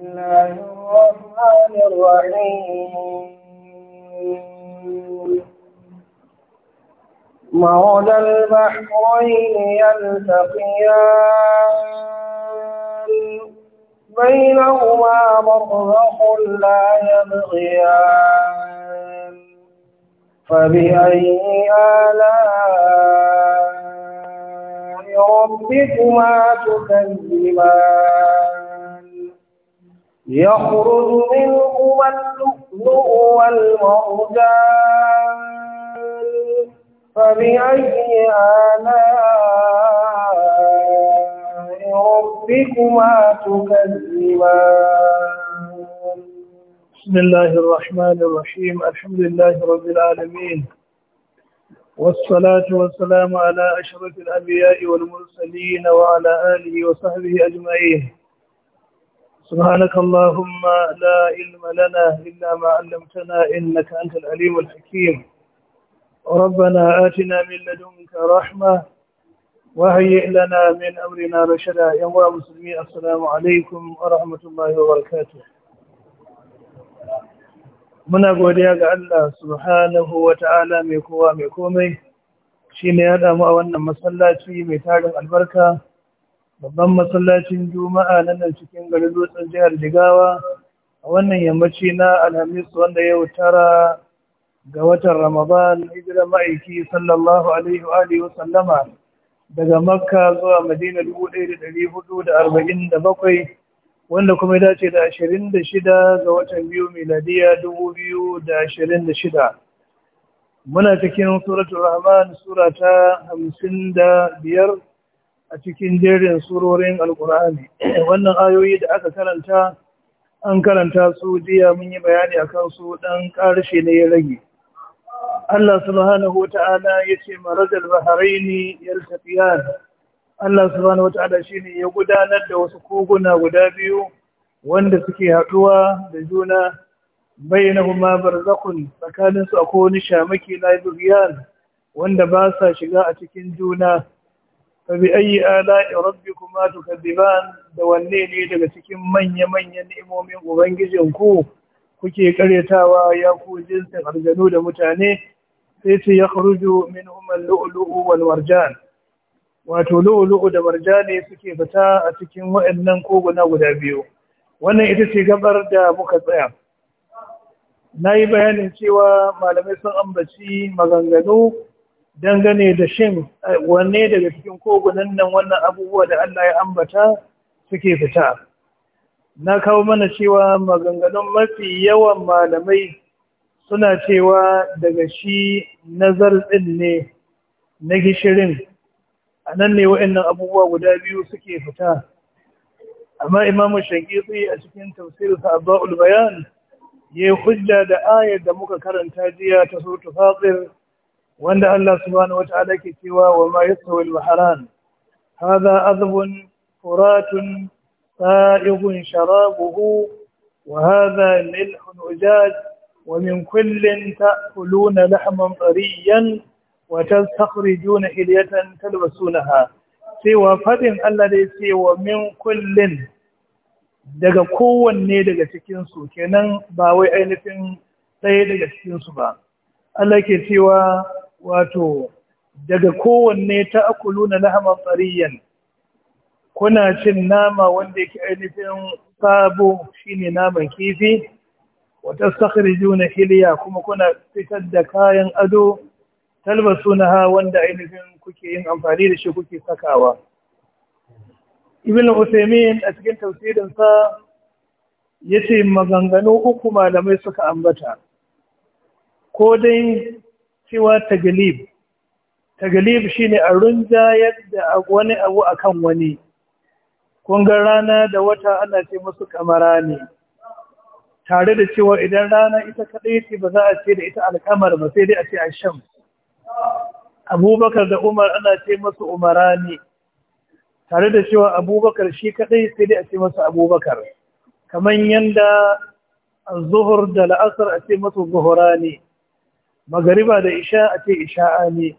الله الرحمن الرحيم البحرين يلتقيان بينهما برزخ لا يبغيان فبأي آلاء ربكما تكذبان يخرج منهما اللؤلؤ والمرجان فبأي آلاء ربكما تكذبان بسم الله الرحمن الرحيم الحمد لله رب العالمين والصلاة والسلام على أشرف الأنبياء والمرسلين وعلى آله وصحبه أجمعين سبحانك اللهم لا علم لنا إلا ما علمتنا إنك أنت العليم الحكيم ربنا آتنا من لدنك رحمة وهيئ لنا من أمرنا رشدا يا مسلمين السلام عليكم ورحمة الله وبركاته muna godiya ga Allah subhanahu wa ta'ala mai kowa mai komai shi ne ya damu a wannan masallaci mai tarin albarka babban masallacin juma'a na nan cikin garin dutsen jihar jigawa a wannan yammaci na alhamis wanda yau tara ga watan ramadan hijira ma'aiki sallallahu alaihi wa alihi wa sallama daga makka zuwa madina 1447 wanda kuma ya dace da 26 ga watan biyu miladiya 2026 muna cikin suratul rahman sura ta 55 a cikin jerin surorin Alƙur'ani, wannan ayoyi da aka karanta an karanta su jiya mun yi bayani akan su dan karshe ne ya rage Allah subhanahu wata'ala ya ce marajal baharaini yaltaqiyan Allah subhanahu wata'ala shine ya gudanar da wasu koguna guda biyu wanda suke haɗuwa da juna bainahuma barzakhun tsakanin tsakaninsu a wani shamaki na wanda ba sa shiga a cikin juna فبأي آلاء ربكما تكذبان دواني لي daga cikin manya-manyan ni'imomin ubangijin ku kuke karyatawa ya ku jinsin aljanu da mutane sai ce ya min minhum al-lu'lu'u wal marjan wato lu'lu'u da marjani suke fita a cikin waɗannan koguna guda biyu wannan ita ce gabar da muka tsaya na yi bayanin cewa malamai sun ambaci maganganu dangane da shin eh, wanne daga cikin kogunan nan wannan abubuwa da Allah ya ambata suke fita na kawo mana cewa maganganun mafi yawan malamai suna cewa daga shi nazar ɗin ne na gishirin a nan ne wa'annan abubuwa guda biyu suke fita amma imamu shankisi a cikin tafsirinsa Ba'ul bayan ya yi hujja da ayar da muka karanta jiya ta so fatir wanda Allah subhanahu wata'ala ke cewa wa ma yasawi haran, hadha adhbun furatun sa'igun sharabuhu wa hadha milhun ujaj wa min kullin ta'kuluna lahman tariyan wa tastakhrijuna hilyatan talbasunaha cewa fadin Allah da yace wa min kullin daga kowanne daga cikin su kenan ba wai ainihin ɗaya daga cikin su ba Allah ke cewa wato daga kowanne ta akulu na lahaman tsariyan kuna cin nama wanda yake ainihin sabo shine naman kifi wata na hiliya kuma kuna fitar da kayan ado talbasunaha wanda ainihin kuke yin amfani da shi kuke sakawa ibn usaymin a cikin tafsirin sa yace maganganu uku malamai suka ambata ko dai cewa tagalib tagalib shine a runjayar da wani abu akan wani kungar rana da wata ana ce musu kamara ne tare da cewa idan rana ita kaɗai ce ba za a ce da ita alkamar ba sai dai a ce a shan. abubakar da umar ana ce masu umara ne tare da cewa abubakar shi kaɗai sai dai a ce masu abubakar kamar yadda zuhur da la'asar a ce masu zuhura ne magariba da isha a ce isha'a ne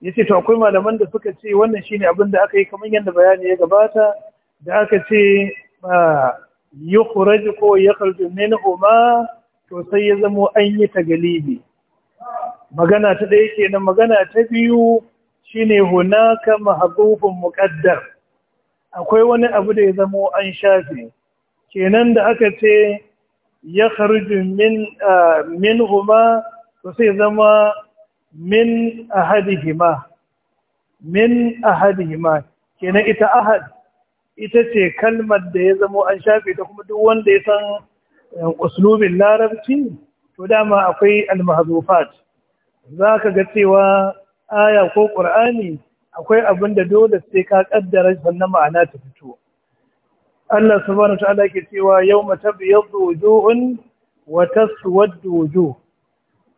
ya ce to akwai malaman da suka ce wannan shi abin da aka yi kamar yadda bayani ya gabata da aka ce yi kuraji ko ya karfi min ma to sai ya zamo an yi ta galibi magana ta ɗaya kenan magana ta biyu shine hunaka mahdhufun muƙaddar akwai wani abu da ya zamo an shafe kenan da aka ce ya kharju min huma to sai zama min ahadihima min ahadihima kenan ita ahad ita ce kalmar da ya zama an shafe ta kuma duk wanda ya san eh, uslubin larabci to dama akwai almahzufat za ka ga cewa aya ko ƙur'ani akwai abin da dole sai ka kaddara sannan ma'ana ta fito Allah subhanahu wa ta'ala ke cewa yawma tabyadu wujuhun wa taswaddu wujuh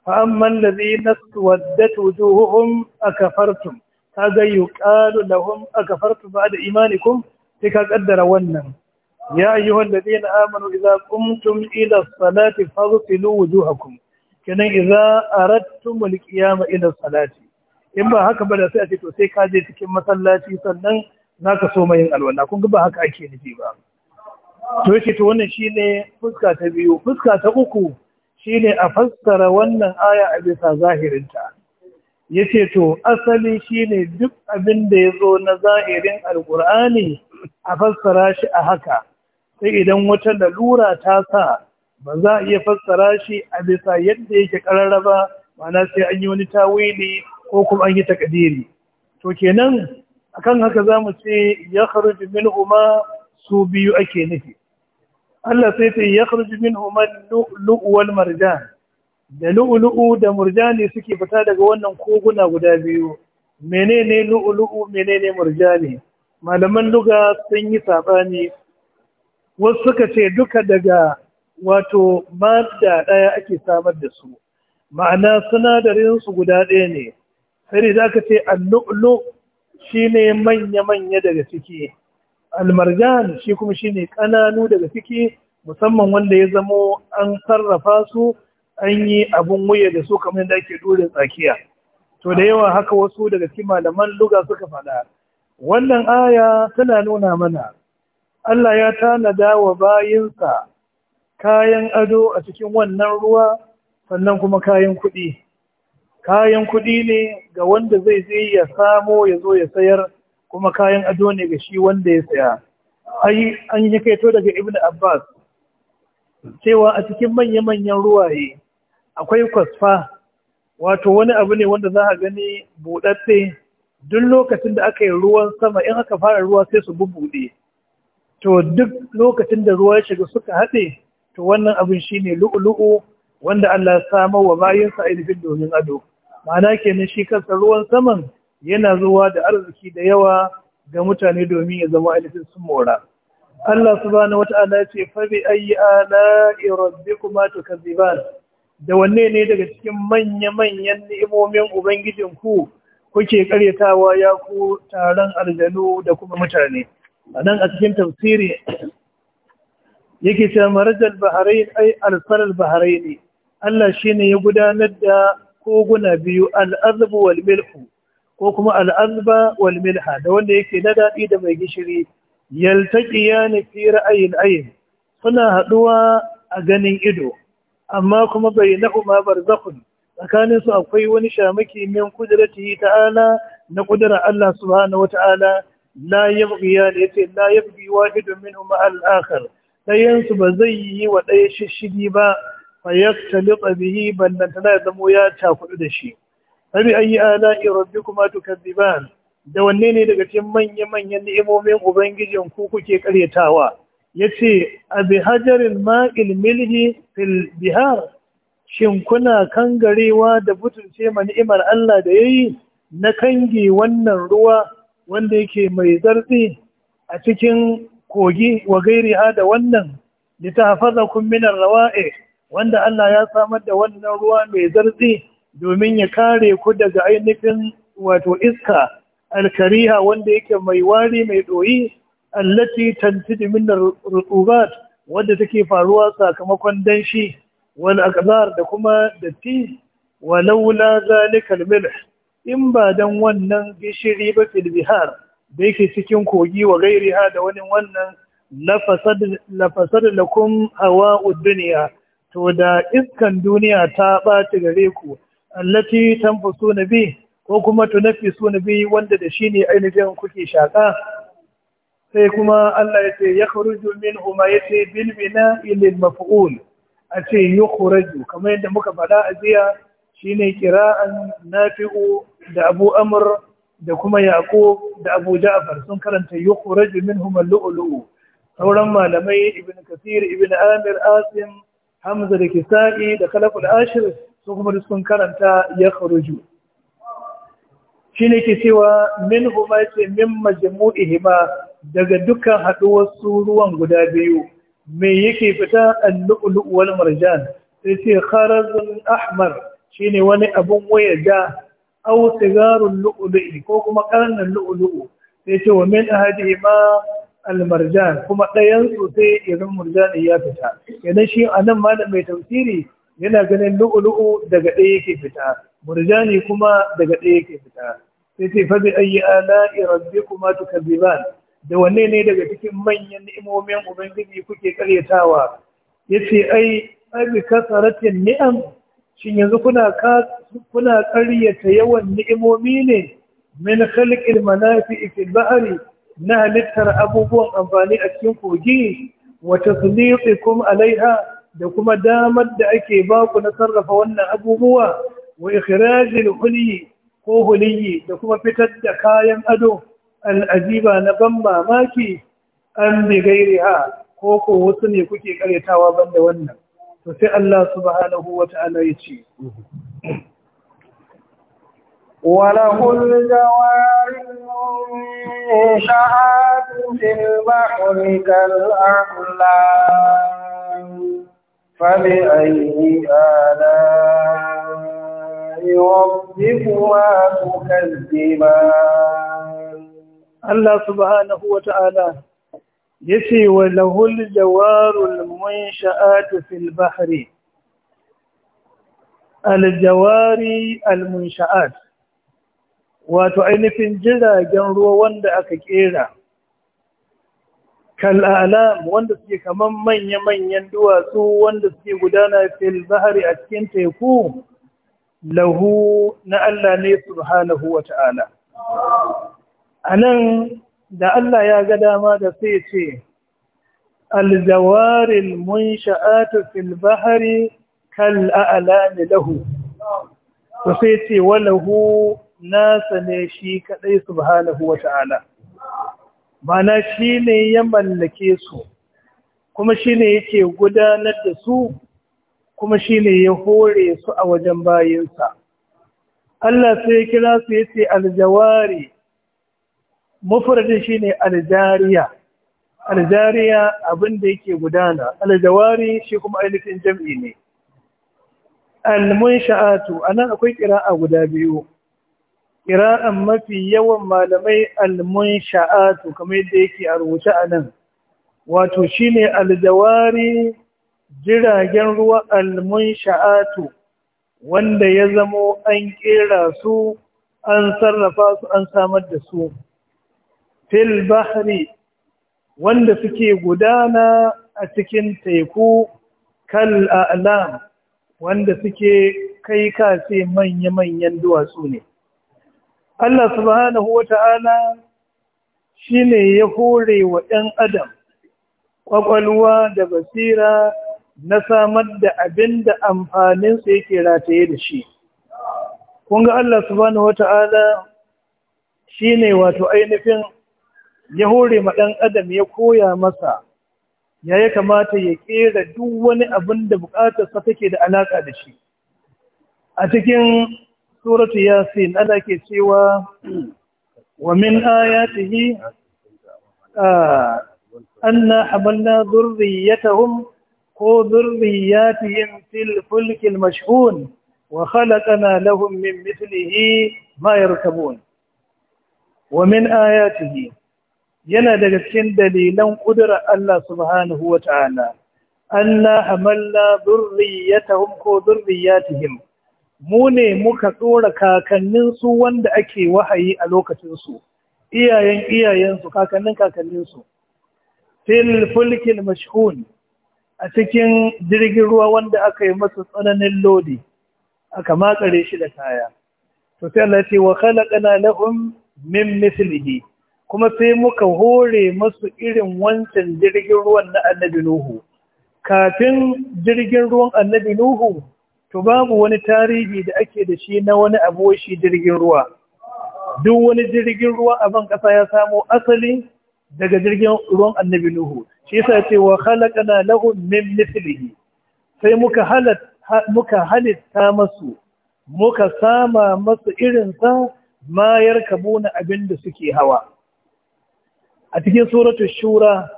فأما الذين اسودت وجوههم أكفرتم هذا يقال لهم أكفرتم بعد إيمانكم تلك قدر ونم يا أيها الذين آمنوا إذا قمتم إلى الصلاة فاغسلوا وجوهكم كان إذا أردتم القيام إلى الصلاة إما هكا بلا سأتي تسي كاجي تكي مسلاتي سنن ذاك سومين الولا كنت بها هكا أكي نجيبا to yake to wannan shine fuska shine a fassara wannan aya a bisa zahirinta yace to asali shine duk abin da yazo na zahirin alqur'ani a fassara shi a haka sai idan wata lalura ta sa ba za a iya fassara shi a bisa yadda yake kararraba mana sai an yi wani tawili ko kuma an yi takadiri to kenan akan haka zamu ce ya kharuju min su biyu ake nufi Allah sai ta yi ya kurji min homar lu'lu'u marjan da lu'ulu'u da murjani suke fita daga wannan koguna guda biyu menene lu'lu'u menene murjani malaman luga sun yi saɓani wasu suka ce duka daga wato mada ɗaya ake samar da su ma'ana sinadarinsu guda ɗaya ne sai da ka ce a al Shi ne manya-manya daga ciki almarjan shi kuma shine kananu daga ciki musamman wanda ya zamo an sarrafa su an yi abun wuya da su kamar yadda ake dole tsakiya to da yawa haka wasu daga cikin malaman luga suka faɗa wannan aya tana nuna mana Allah ya tanada wa bayinsa kayan ado a cikin wannan ruwa sannan kuma kayan kuɗi kayan kuɗi ne ga wanda zai je ya samo ya zo ya sayar kuma kayan ado ne ga shi wanda ya saya ai an yi kaito daga ibnu abbas cewa a cikin manya-manyan ruwaye akwai kwasfa wato wani abu ne wanda za a gani buɗaɗɗe duk lokacin da aka yi ruwan sama in aka fara ruwa sai su bubuɗe to duk lokacin da ruwa ya shiga suka haɗe to wannan abin shine lu'ulu'u wanda Allah ya samar wa a ainihin domin ado ma'ana kenan shi kansa ruwan saman yana zuwa da arziki da yawa ga mutane domin ya zama ainihin sun mora Allah subhanahu wata'ala ce fa bi ayi ala'i rabbikuma tukazziban da wanne ne daga cikin manya-manyan ni'imomin ku kuke karyatawa ya ku taron aljanu da kuma mutane a nan a cikin tafsiri yake ce marajal baharai ai alfarar baharai ne Allah shi ne ya gudanar da koguna biyu al'azabu wal milku ko kuma al'azba wal milha da wanda yake na daɗi da mai gishiri yaltaki ya nufi ra'ayin ayin suna haɗuwa a ganin ido amma kuma bai na'uma barzakun tsakanin su akwai wani shamaki min qudratihi ta'ala na qudrar Allah subhanahu ta'ala la yabghiya ne yace la yabghi wahidun minhum al-akhar dayan su ba zai yi wa ɗaya shishigi ba fa yaktaliqa bihi ballantana ya zamo ya takudu da shi فبأي آلاء ربكما تكذبان da wanne ne daga cikin manya-manyan ni'imomin Ubangijin ku kuke karyatawa yace abi hajarin ma'il milhi fil bihar shin kuna kangarewa da butulce ma ni'imar Allah da yayi na kangi wannan ruwa wanda yake mai zartsi a cikin kogi wa gairi ha da wannan litafazakum min rawa'i wanda Allah ya samar da wannan ruwa mai zartsi domin ya kare ku daga ainihin wato iska alkariha wanda yake mai wari mai ɗoyi allati tantidi min rutubat wadda take faruwa sakamakon danshi wal aqdar da kuma datti walaula zalika al in ba dan wannan gishiri ba fil bihar da yake cikin kogi wa gairiha da wani wannan lafasar lakum hawa dunya to da iskan duniya ta ɓata gare ku allati tanfusuna bi ko kuma tunafisuna bi wanda da shi ne ainihin kuke shaƙa? sai kuma Allah ya ce ya kharuju yace bil bina'i lil maf'ul a ce yukhraju kamar yadda muka faɗa a jiya shine kira'an nafi'u da Abu Amr da kuma Yaqub da Abu Ja'far sun karanta yukhraju minhum al-lu'lu'u sauran malamai Ibn Kathir Ibn Amir Asim Hamza da Kisa'i da Khalaf al-Ashir su kuma da sun karanta ya kharuju shi ne ke cewa min huma ce min majmu'ihima daga dukkan haɗuwar su ruwan guda biyu mai yake fita a lulu wal marjan sai ce kharazun ahmar shine wani abun waya da aw sigarun lu'lu'i ko kuma karnan lu'ulu'u sai ce wa min ahadihima al-marjan kuma ɗayan sosai sai irin murjani ya fita idan shi anan malam mai tafsiri yana ganin lu'ulu'u daga ɗaya yake fita murjani kuma daga ɗaya yake fita sai ce fa bi ayi ala'i rabbikuma tukazziban da wanne ne daga cikin manyan ni'imomin ubangiji kuke karyatawa yace ai abi kasaratin ni'am shin yanzu kuna kuna karyata yawan ni'imomi ne min khalqil manafi'i fil bahri na halittar abubuwan amfani a cikin kogi wa tasliqikum alaiha da kuma damar da ake baku na sarrafa wannan abubuwa wa ikhrajil huliyi ko huliyi da kuma fitar da kayan ado al'ajiba na ban mamaki an bi gairiha ko ko wasu ne kuke karyatawa banda wannan to sai Allah subhanahu wa ta'ala ya ce وله الجوار bil في kal كالأعلام فبأي آلاء ربكما تكذبان الله سبحانه وتعالى يسي وله الجوار المنشآت في البحر الجوار المنشآت واتعين في الجلاجان رواند أكيرا Kal kal'alam wanda suke kaman manya-manyan duwatsu wanda suke gudana fil a cikin teku lahu na Allah ne subhanahu wa ta'ala. A da Allah ya ga dama da sai ce, Aljawaril mun sha'atu fil bahari kal'alami lahu, to sai ce wa lahu nasa ne shi kaɗai subhanahu wa ta'ala. mana shi ne ya mallake su kuma shi ne yake gudanar da su kuma shi ne ya hore su a wajen bayansa Allah sai kira su ya ce aljawari mufradin shi ne aljariya aljariya abinda yake gudana aljawari shi kuma ainihin jam'i ne Al almunsha'atu anan akwai kira'a guda biyu ƙira'an mafi yawan malamai almun sha'atu kamar yadda yake a rubuce a nan wato shi ne aljawari jiragen ruwa almun sha'atu, wanda ya zamo an ƙera su an sarrafa su an samar da su fil bahri wanda suke gudana a cikin teku kal a'lam wanda suke kai kace manya-manyan duwatsu ne Allah subhanahu wa ta'ala shi ne ya hore wa ‘yan adam ƙwaƙwalwa da basira na samar da abin da amfaninsa yake rataye da shi. Kunga Allah subhanahu wa ta'ala shi ne wato ainihin ya hore ma ɗan adam ya koya masa ya yi kamata ya ƙera duk wani abin da buƙatarsa take da alaƙa da shi. A cikin suratu yasin Allah ke cewa wa min ayatihi anna hamalna dhurriyyatahum ko dhurriyyatihim fil fulkil mashhun wa khalaqna lahum min mithlihi ma yarkabun wa min ayatihi yana daga cikin dalilan kudura Allah subhanahu wa ta'ala, Anna hamalla zurriyatahum ko zurriyatihim, mu ne muka tsora kakanninsu wanda ake wahayi a lokacinsu iyayen iyayensu kakannin kakanninsu fil fulkin mashhun a cikin jirgin ruwa wanda aka yi masa tsananin lodi aka makare shi da kaya to sai Allah ce wa khalaqna lahum min mithlihi kuma sai muka hore masu irin wancan jirgin ruwan na annabi nuhu kafin jirgin ruwan annabi nuhu to babu wani tarihi da ake da shi na wani abu shi jirgin ruwa duk wani jirgin ruwa a ban kasa ya samo asali daga jirgin ruwan annabi nuhu shi yasa ce wa khalaqana lahu min mithlihi sai muka halat muka halitta masu muka sama masu irin sa ma yarkabuna abinda suke hawa a cikin suratul shura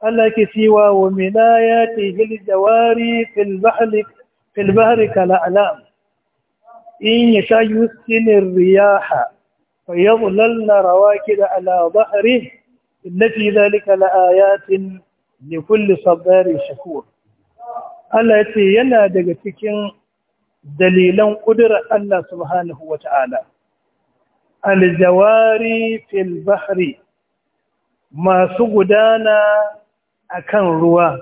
Allah ke cewa wa min ayati hil jawari fil bahri fil bahri kal alam in yasha yusinu riyaha fa yadhlalna rawakida ala dhahrihi inna fi dhalika la ayatin li kulli sabarin shakur Allah yace yana daga cikin dalilan kudurar Allah subhanahu wata'ala aljawari fil bahri masu gudana akan ruwa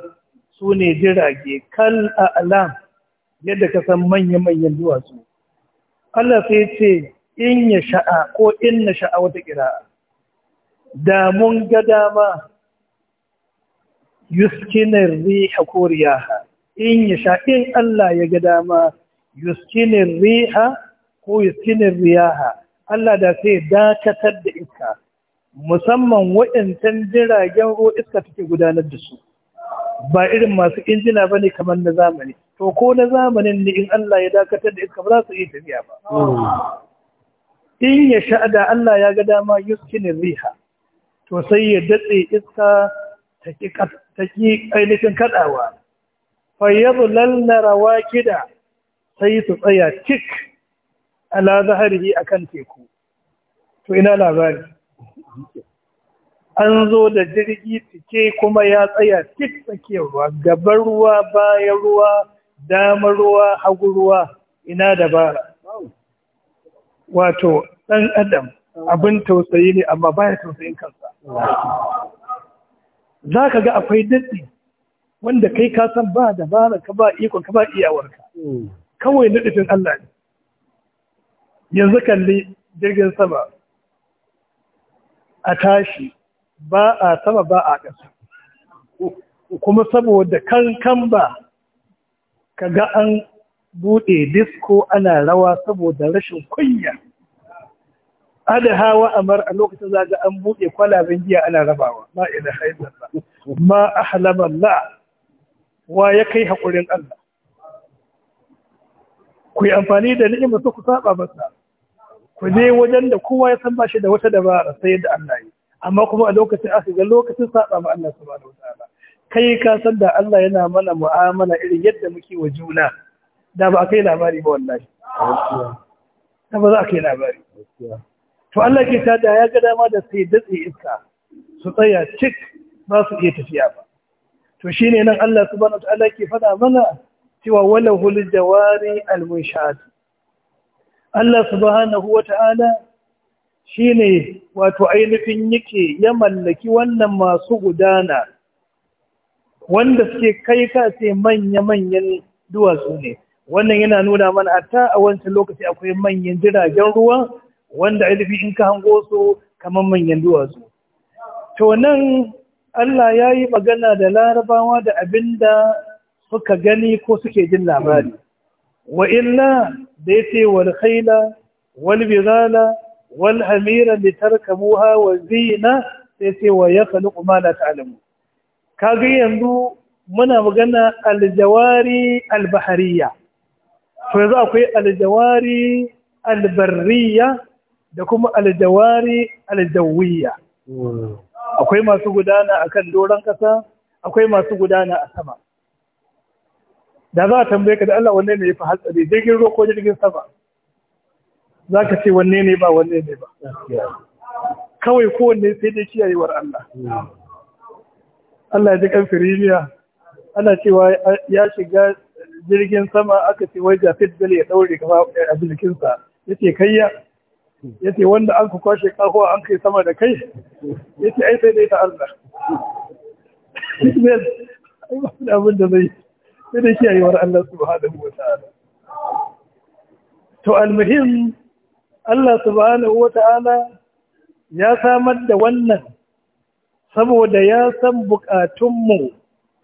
sune jirage kal a'lam yadda ka san manya-manyan duwatsu Allah sai ce in ya sha'a ko in na sha'a wata ƙira'a da mun ga dama yuskinin riha ko riyaha in ya sha in Allah ya ga dama yuskinin riha ko yuskinin riyaha Allah da sai dakatar da iska musamman waɗancan jiragen ruwa iska take gudanar da su ba irin masu injina ba ne kamar na zamani to ko na zamanin ne in Allah ya dakatar da iska ba za su iya tafiya ba in ya sha'ada Allah ya ga dama yuskinin riha to sai ya datse iska ta ki ainihin kaɗawa fayyar lallara kida sai su tsaya cik ala zahari a kan teku to ina labari an zo da jirgi cike kuma ya tsaya cik tsakiyar ruwa gaban ruwa bayan ruwa damar ruwa hagu ruwa ina dabara wato 'dan adam abin tausayi ne amma baya tausayin kansa za ka ga akwai daɗi wanda kai ka san ba dabara ka ba ikon ka ba iyawarka kawai na daɗin Allah ne yanzu kalli jirgin sama a tashi ba a sama ba a ƙasa kuma saboda kankan ba kaga an buɗe disco ana rawa saboda rashin kunya ada hawa amar a lokacin zaga an buɗe kwalaben giya ana rabawa ma ila ba. ma ahlamallah wa ya kai haƙurin Allah ku yi amfani da ni'imar ku saba masa ku je wajen da kowa ya san ba shi da wata dabara sai da Allah yi amma kuma a lokacin aka ga lokacin saba ma Allah subhanahu wataala kai ka san da Allah yana mana mu'amala irin yadda muke wa juna da ba a kai labari ba wallahi da ba za a kai labari to Allah ke ta da ya ga dama da sai datse iska su tsaya cik ba su iya tafiya ba to shine nan Allah subhanahu wataala ke faɗa mana cewa wala hul jawari al munshat Allah subhanahu wataala shine wato ainihin yake ya mallaki wannan masu gudana wanda suke kai ka ce manya-manyan duwatsu ne wannan yana nuna mana ta a wancan lokaci akwai manyan jiragen ruwa wanda ainihi in ka hango su kamar manyan duwatsu to nan Allah ya yi magana da larabawa da abin da suka gani ko suke jin labari wa illa da ya ce wal khaila wal bizala wal Amira, litarkamuha wa zina sai ce wa ya khaliqu ma la ta'lamu kaga yanzu muna magana aljawari albahariya to yanzu akwai aljawari albarriya da kuma aljawari aljawiya akwai masu gudana a kan doron kasa akwai masu gudana a sama da za a tambaye ka da Allah wanne ne ya fi hatsari jirgin ruwa ko jirgin sama za ka ce wanne ne ba wanne ne ba kawai kowanne sai dai kiyayewar Allah hmm. Allah ya ji kan firimiya ana cewa ya shiga jirgin sama aka ce wai jafid bil ya daure gaba a sa yace kayya yace wanda an ku kwashe kafo an kai sama da kai yace ai sai dai ta Allah ai ba da abin da zai sai kiyaye kiyayewar Allah subhanahu wa ta'ala to almuhim Allah subhanahu wa ta'ala ya samar da wannan saboda ya san bukatunmu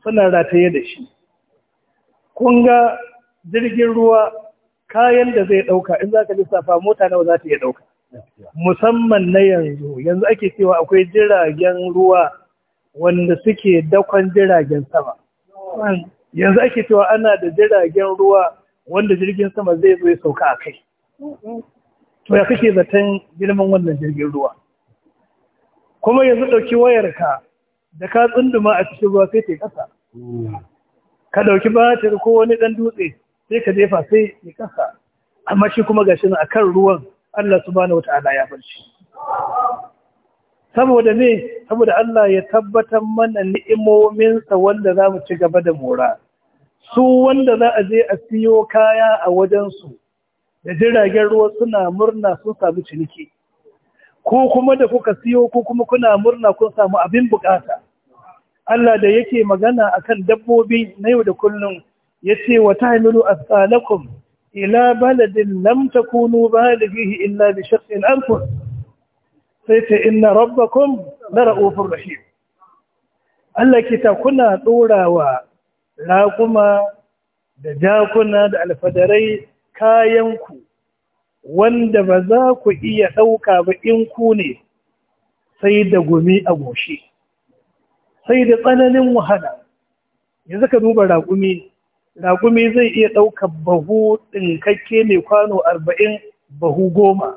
suna rataye da shi kun ga jirgin ruwa kayan da zai ɗauka in za ka lissafa mota nawa za ta iya ɗauka musamman na yanzu yanzu ake cewa akwai jiragen ruwa wanda suke dakon jiragen sama yanzu ake cewa ana da jiragen ruwa wanda jirgin sama zai zo ya sauka a kai to ya kake zaton girman wannan jirgin ruwa kuma yanzu ɗauki wayarka da ka tsunduma a cikin ruwa sai ta ƙasa ka ɗauki batir ko wani ɗan dutse sai ka jefa sai ya ƙasa amma shi kuma gashi a kan ruwan Allah wata wata'ala ya bar shi saboda ne saboda Allah ya tabbatar mana ni'imominsa wanda za mu ci gaba da mora su wanda za a je a siyo kaya a wajensu da jiragen ruwa suna murna sun samu ciniki ko kuma da kuka siyo ko kuma kuna murna kun samu abin bukata Allah da yake magana akan dabbobi na yau da kullum yace wa tahmilu asqalakum ila baladin lam takunu balighihi illa bi shaqqil anfus sai ta inna rabbakum la ra'ufur rahim Allah ke ta kuna dorawa raƙuma da jakuna da alfadarai kayan ku. wanda ba za ku iya ɗauka ba in ku ne sai da gumi a goshi sai da tsananin wahala yanzu ka duba raƙumi raƙumi zai iya ɗauka bahu ɗinkakke mai kwano arba'in bahu goma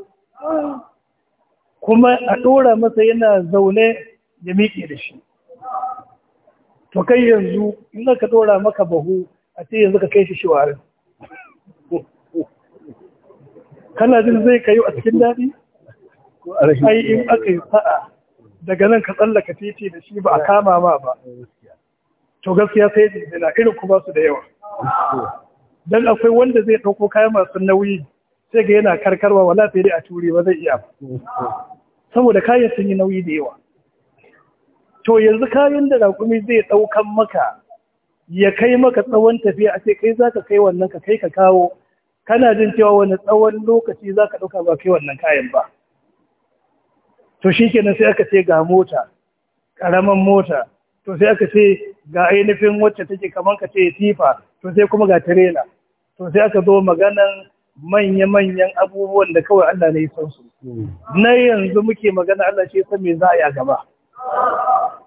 kuma a ɗora masa yana zaune ya miƙe da shi to kai yanzu in ka ɗora maka bahu a ce yanzu ka kai shi shiwarin kana jin zai kayo a cikin daɗi ai in aka yi sa'a daga nan ka tsallaka titi da shi ba a kama ma ba to gaskiya sai jinjina irin kuma su da yawa dan akwai wanda zai ɗauko kayan masu nauyi sai ga yana karkarwa wala sai dai a ture ba zai iya saboda kayan sun yi nauyi da yawa to yanzu kayan da rakumi zai ɗaukan maka ya kai maka tsawon tafiya a ce kai za ka kai wannan ka kai ka kawo kana jin cewa wani tsawon lokaci za ka ɗauka ba wannan kayan ba to shi kenan sai aka ce ga mota ƙaramin mota to sai aka ce ga ainihin wacce take kamar ka ce tifa to sai kuma ga tirela to sai aka zo maganan manya-manyan abubuwan da kawai Allah na yi son su na yanzu muke magana Allah ce san me za a yi a gaba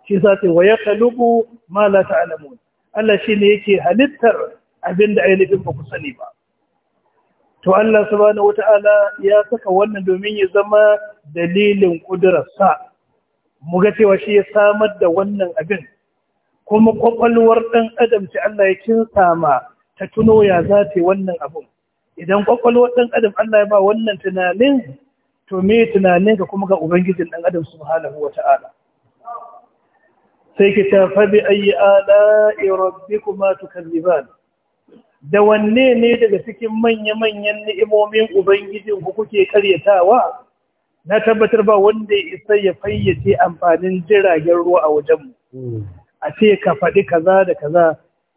shi sa ce wa kalubu ma la alamu? Allah shi ne yake halittar abin da ainihin ba ku sani ba to Allah subhanahu wata'ala ya saka wannan domin ya zama dalilin ƙudurarsa mu ga cewa shi ya samar da wannan abin kuma kwakwalwar ɗan adam ce Allah ya kinsa ma ta tuno ya zata wannan abin idan kwakwalwar ɗan adam Allah ya ba wannan tunanin to me tunanin ka kuma ga ubangijin ɗan adam subhanahu wata'ala sai ki ta bi ayi ala rabbikuma tukazziban da wanne ne daga cikin manya-manyan ni'imomin ubangijin ku kuke karyatawa na tabbatar ba wanda ya isa ya fayyace amfanin jiragen ruwa a wajenmu hmm. a ce ka faɗi kaza da kaza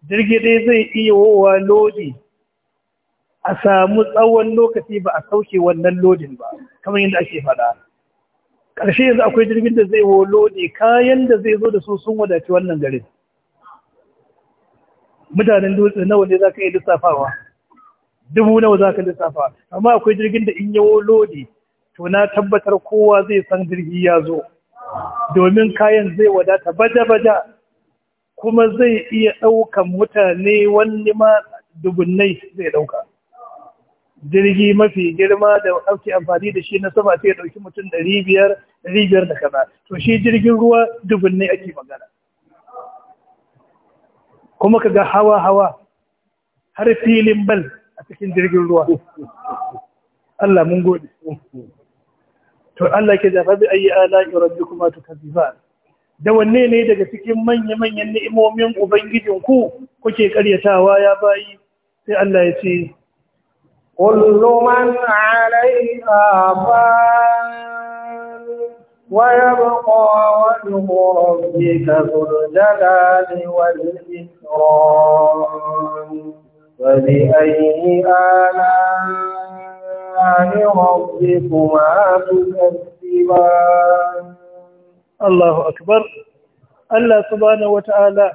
jirgi dai zai iya wowa lodi a samu tsawon lokaci ba a sauke wannan lodin ba kamar yadda ake faɗa ƙarshe yanzu akwai jirgin da zai wo lodi kayan da zai zo da su sun wadaci wannan garin mutanen dutse nawa ne za ka yi lissafawa dubu nawa za ka lissafa amma akwai jirgin da in yawo lodi to na tabbatar kowa zai san jirgi ya zo domin kayan zai wadata baja-baja kuma zai iya ɗaukan mutane wani ma dubunnai zai ɗauka jirgi mafi girma da ake amfani da shi na sama sai ya ɗauki mutum ɗari biyar da kaza to shi jirgin ruwa dubunnai ake magana kuma ka ga hawa-hawa har filin bal a cikin jirgin ruwa Allah mun gode to Allah ke zafa bi ayi kuma ta kaziba. da wanne ne daga cikin manya-manyan ni'imomin ubangijin ku kuke karyatawa ya bayi sai Allah ya ce kullu man 'alayha fa'a ويبقى وجه ربك ذو الجلال والإكرام فبأي آلاء ربكما تكذبان الله أكبر الله سبحانه وتعالى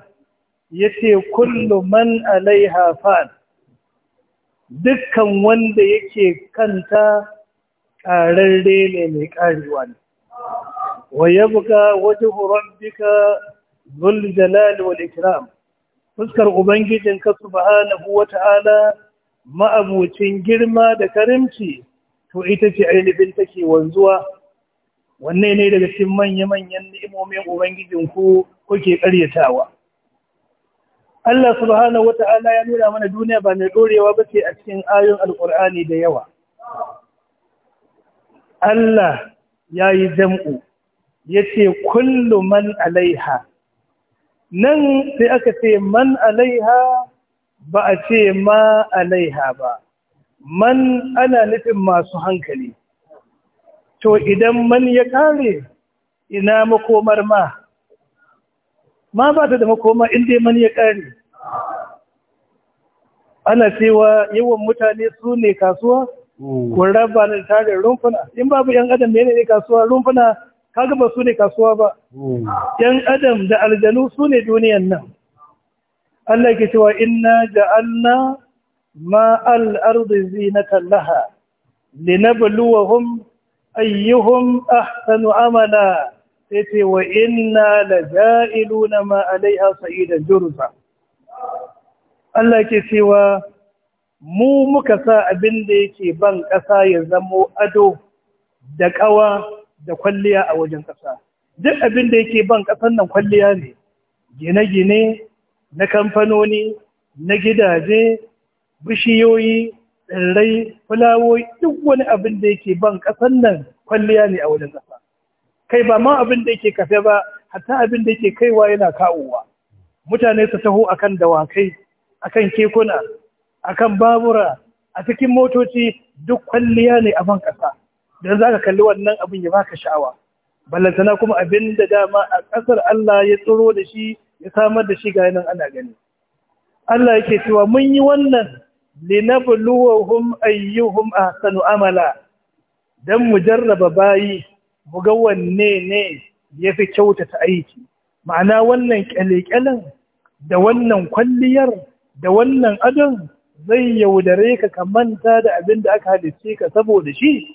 yace kullu man alaiha fan dukkan wanda yake kanta ƙararre ne mai ƙarewa ne ويبقى وجه ربك ذو الجلال والإكرام fuskar Ubangijinka subhanahu wa ta'ala ma'abucin girma da karimci to ita ce ainihin take wanzuwa wanne ne daga cikin manya-manyan ni'imomin Ubangijinku kuke karyatawa Allah subhanahu wa ta'ala ya nuna mana duniya ba mai ɗorewa ba ce a cikin ayon alƙur'ani da yawa. Allah ya yi jam'u ya ce kullu man alaiha nan sai aka ce man alaiha ba a ce ma alaiha ba man ana nufin masu hankali to idan man ya kare ina makomar ma ma ba ta da makoma inda man ya kare ana cewa yawan mutane su ne kasuwa mm. kun raba na tarin rumfuna in babu yan adam mene ne kasuwa rumfuna kaga ba su ne kasuwa ba yan adam da aljanu su ne duniyan nan Allah ke cewa inna ja'alna ma al zinatan laha linabluwahum ayyuhum ahsanu amala yace wa inna laja'iluna ma alaiha sa'idan jurza Allah ke cewa mu muka sa abin da yake ban ƙasa ya zamo ado da ƙawa da kwalliya a wajen ƙasa duk abin da yake ban ƙasan nan kwalliya ne gine-gine na kamfanoni na gidaje bishiyoyi tsirrai fulawoyi duk wani abin da yake ban ƙasan nan kwalliya ne a wajen ƙasa kai ba ma abin da yake kafe ba hatta abin da yake kaiwa yana kawowa mutane su taho akan dawakai akan kekuna akan babura a cikin motoci duk kwalliya ne a ban ƙasa dan ka kalli wannan abin ya baka sha'awa ballantana kuma abin da dama a ƙasar Allah ya tsoro da shi ya samar da shi ga nan ana gani Allah yake cewa mun yi wannan linabluwahum ayyuhum ahsanu amala dan mu jarraba bayi mu ga wanne ne yafi kyautata aiki ma'ana wannan kyalekyalen da wannan kwalliyar da wannan adon zai yaudare ka ka manta da abin da aka halice ka saboda shi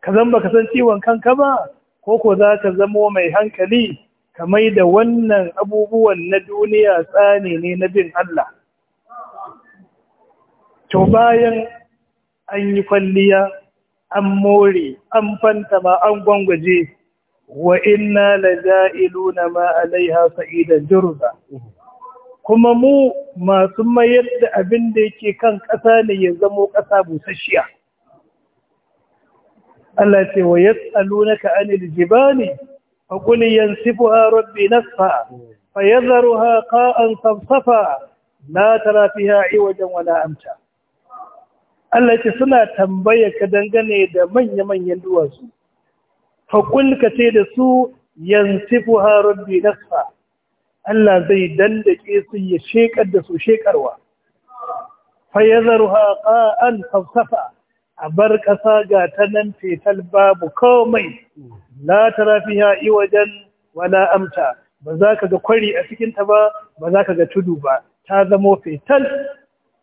ka zan ka san ciwon kanka ba ko ko za ka zamo mai hankali ka mai da wannan abubuwan na duniya tsani ne na bin Allah to bayan an yi kwalliya an more an fantama an gwangwaje wa inna na ma alaiha sa'idan jurza kuma mu masu mayar da abin da yake kan ƙasa ne ya zamo ƙasa busasshiya Allah ce wa ka anil Jibani. fa qul yansifuha rabbi nasfa fa yadharuha qa'an safsafa la tara fiha iwajan wala amta Allah ce suna tambaya ka dangane da manya-manyan duwatsu fa ka ce da su yansifuha rabbi nasfa Allah zai dandake su ya shekar da su shekarwa fa yadharuha qa'an safsafa a bar ƙasa ga ta nan fetal babu komai la rafi fiha wajen wala amta ba za ka ga kwari a cikin ta ba ba za ka ga tudu ba ta zamo fetal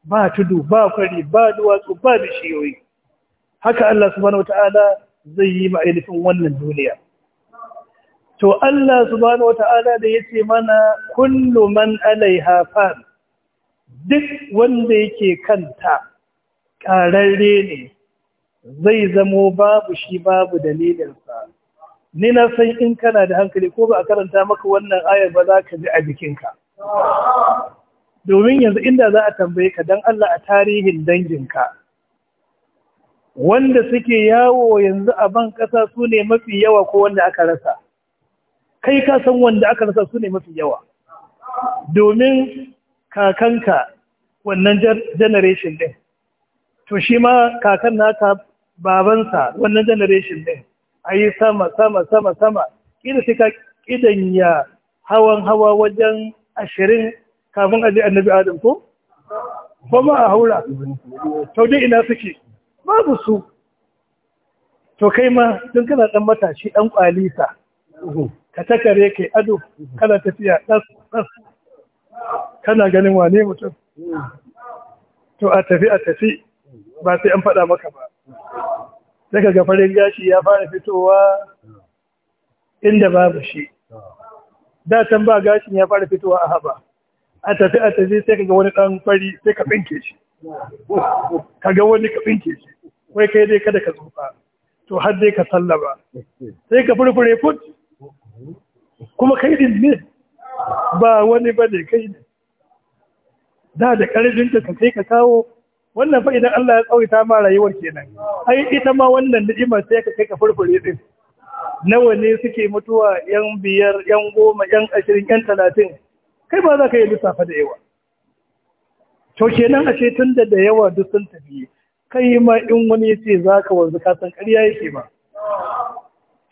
ba tudu ba kwari ba duwatsu ba bishiyoyi haka Allah subhanahu wataala zai yi ma wannan duniya to Allah subhanahu wataala da ce mana kullu man alaiha fan duk wanda yake kanta ƙararre ne zai zamo babu shi babu dalilinsa ni na san in kana da hankali ko ba a karanta maka wannan ayar ba za ka ji a jikinka domin yanzu inda za a tambaye ka don Allah a tarihin danginka wanda suke yawo yanzu a ban kasa su ne mafi yawa ko wanda aka rasa kai ka san wanda aka rasa su ne mafi yawa domin kakanka wannan generation ɗin to shi ma kakan naka babansa wannan generation a yi sama sama sama sama ƙida sai ka ya hawan hawa wajen ashirin kafin aje annabi adam ko ko ma a haura taudin dai ina suke babu su to kai ma tun kana ɗan matashi ɗan kwalisa ka takare ke ado kana tafiya ɗas ɗas kana ganin wane mutum to a tafi a tafi ba sai an faɗa maka ba daga ga farin gashi ya fara fitowa inda babu shi da can ba gashin ya fara fitowa a haba a tafi a tafi sai kaga wani dan fari sai ka tsinke shi kaga wani ka tsinke shi wai kai dai kada ka tsufa to har dai ka sallaba sai ka furfure fut kuma kai din ne ba wani bane kai ne da da karfin ka kai ka kawo wannan fa idan Allah ya tsawaita ma rayuwar kenan ai ita ma wannan ni'imar sai ka kai ka furfure din nawa ne suke mutuwa yan biyar yan goma yan ashirin yan talatin kai ba za ka yi lissafa da yawa to kenan a ce tun da da yawa duk sun tafi kai ma in wani ya ce za ka wanzu ka san ƙarya yake ba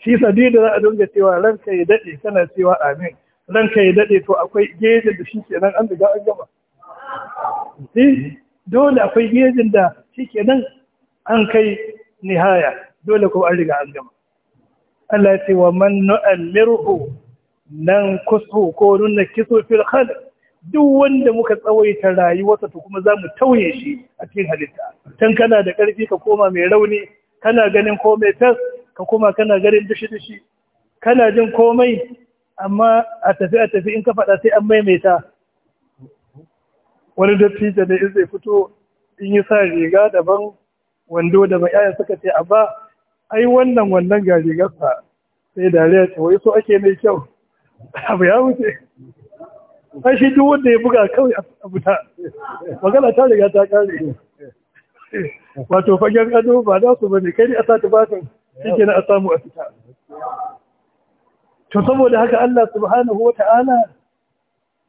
shi Sabida za a dinga cewa ranka ya daɗe kana cewa amin ranka ya daɗe to akwai gejin da shi kenan an riga an gama eh? dole akwai gejin da nan an kai nihaya dole ko an riga an gama Allah ya ce wa man nu'ammiruhu nan kusu ko nuna kisu fil khalq duk wanda muka tsawaita rayuwarsa to kuma zamu tauye shi a cikin halitta tan kana da karfi ka koma mai rauni kana ganin komai tas ka koma kana ganin dushi dushi kana jin komai amma a tafi a tafi in ka faɗa sai an maimaita wani dattijo da in zai fito in yi sa riga daban wando da mai yaya suka ce abba ai wannan wannan ga rigarsa sai dariya ce wai so ake mai kyau abu ya wuce ai shi duk wanda ya buga kawai a fita magana ta riga ta kare wato fagen ado ba za su bane kai ne a sa tubatin na a samu a fita to saboda haka Allah subhanahu wa ta'ala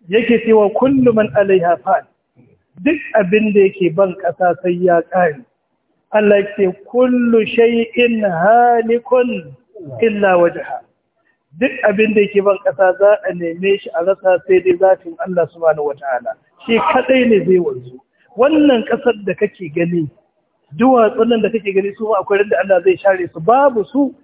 yake cewa kullu man alaiha fa'al duk abin da yake ban ƙasa sai ya ƙare Allah ke kullu shay'in halikun illa wajha duk abin da yake ban ƙasa za a neme shi a rasa sai dai zafin Allah subhanahu wataala shi kaɗai ne zai wanzu wannan ƙasar da kake gani nan da kake gani su ma akwai da Allah zai share su babu su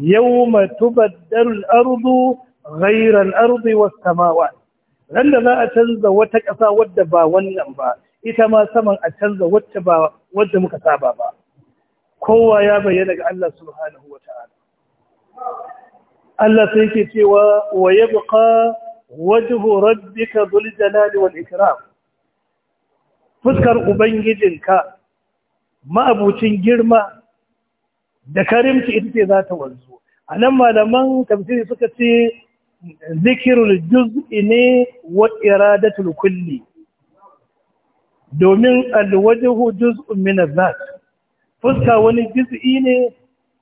yawma tubaddalu al-ardu ghayra al-ardi was-samawati ran da za a canza wata ƙasa wadda ba wannan ba ita ma saman a canza wacce ba wadda muka saba ba kowa ya bayyana ga Allah subhanahu wa ta'ala Allah sai yake cewa wa yabqa wajhu rabbika dhul jalali wal ikram fuskar ubangijinka ma'abucin girma da karimci ita ce za ta wanzu a nan malaman tafsiri suka ce zikirul juz'i ne wa iradatul kulli domin alwajhu juz'un min az-zat fuska wani juz'i ne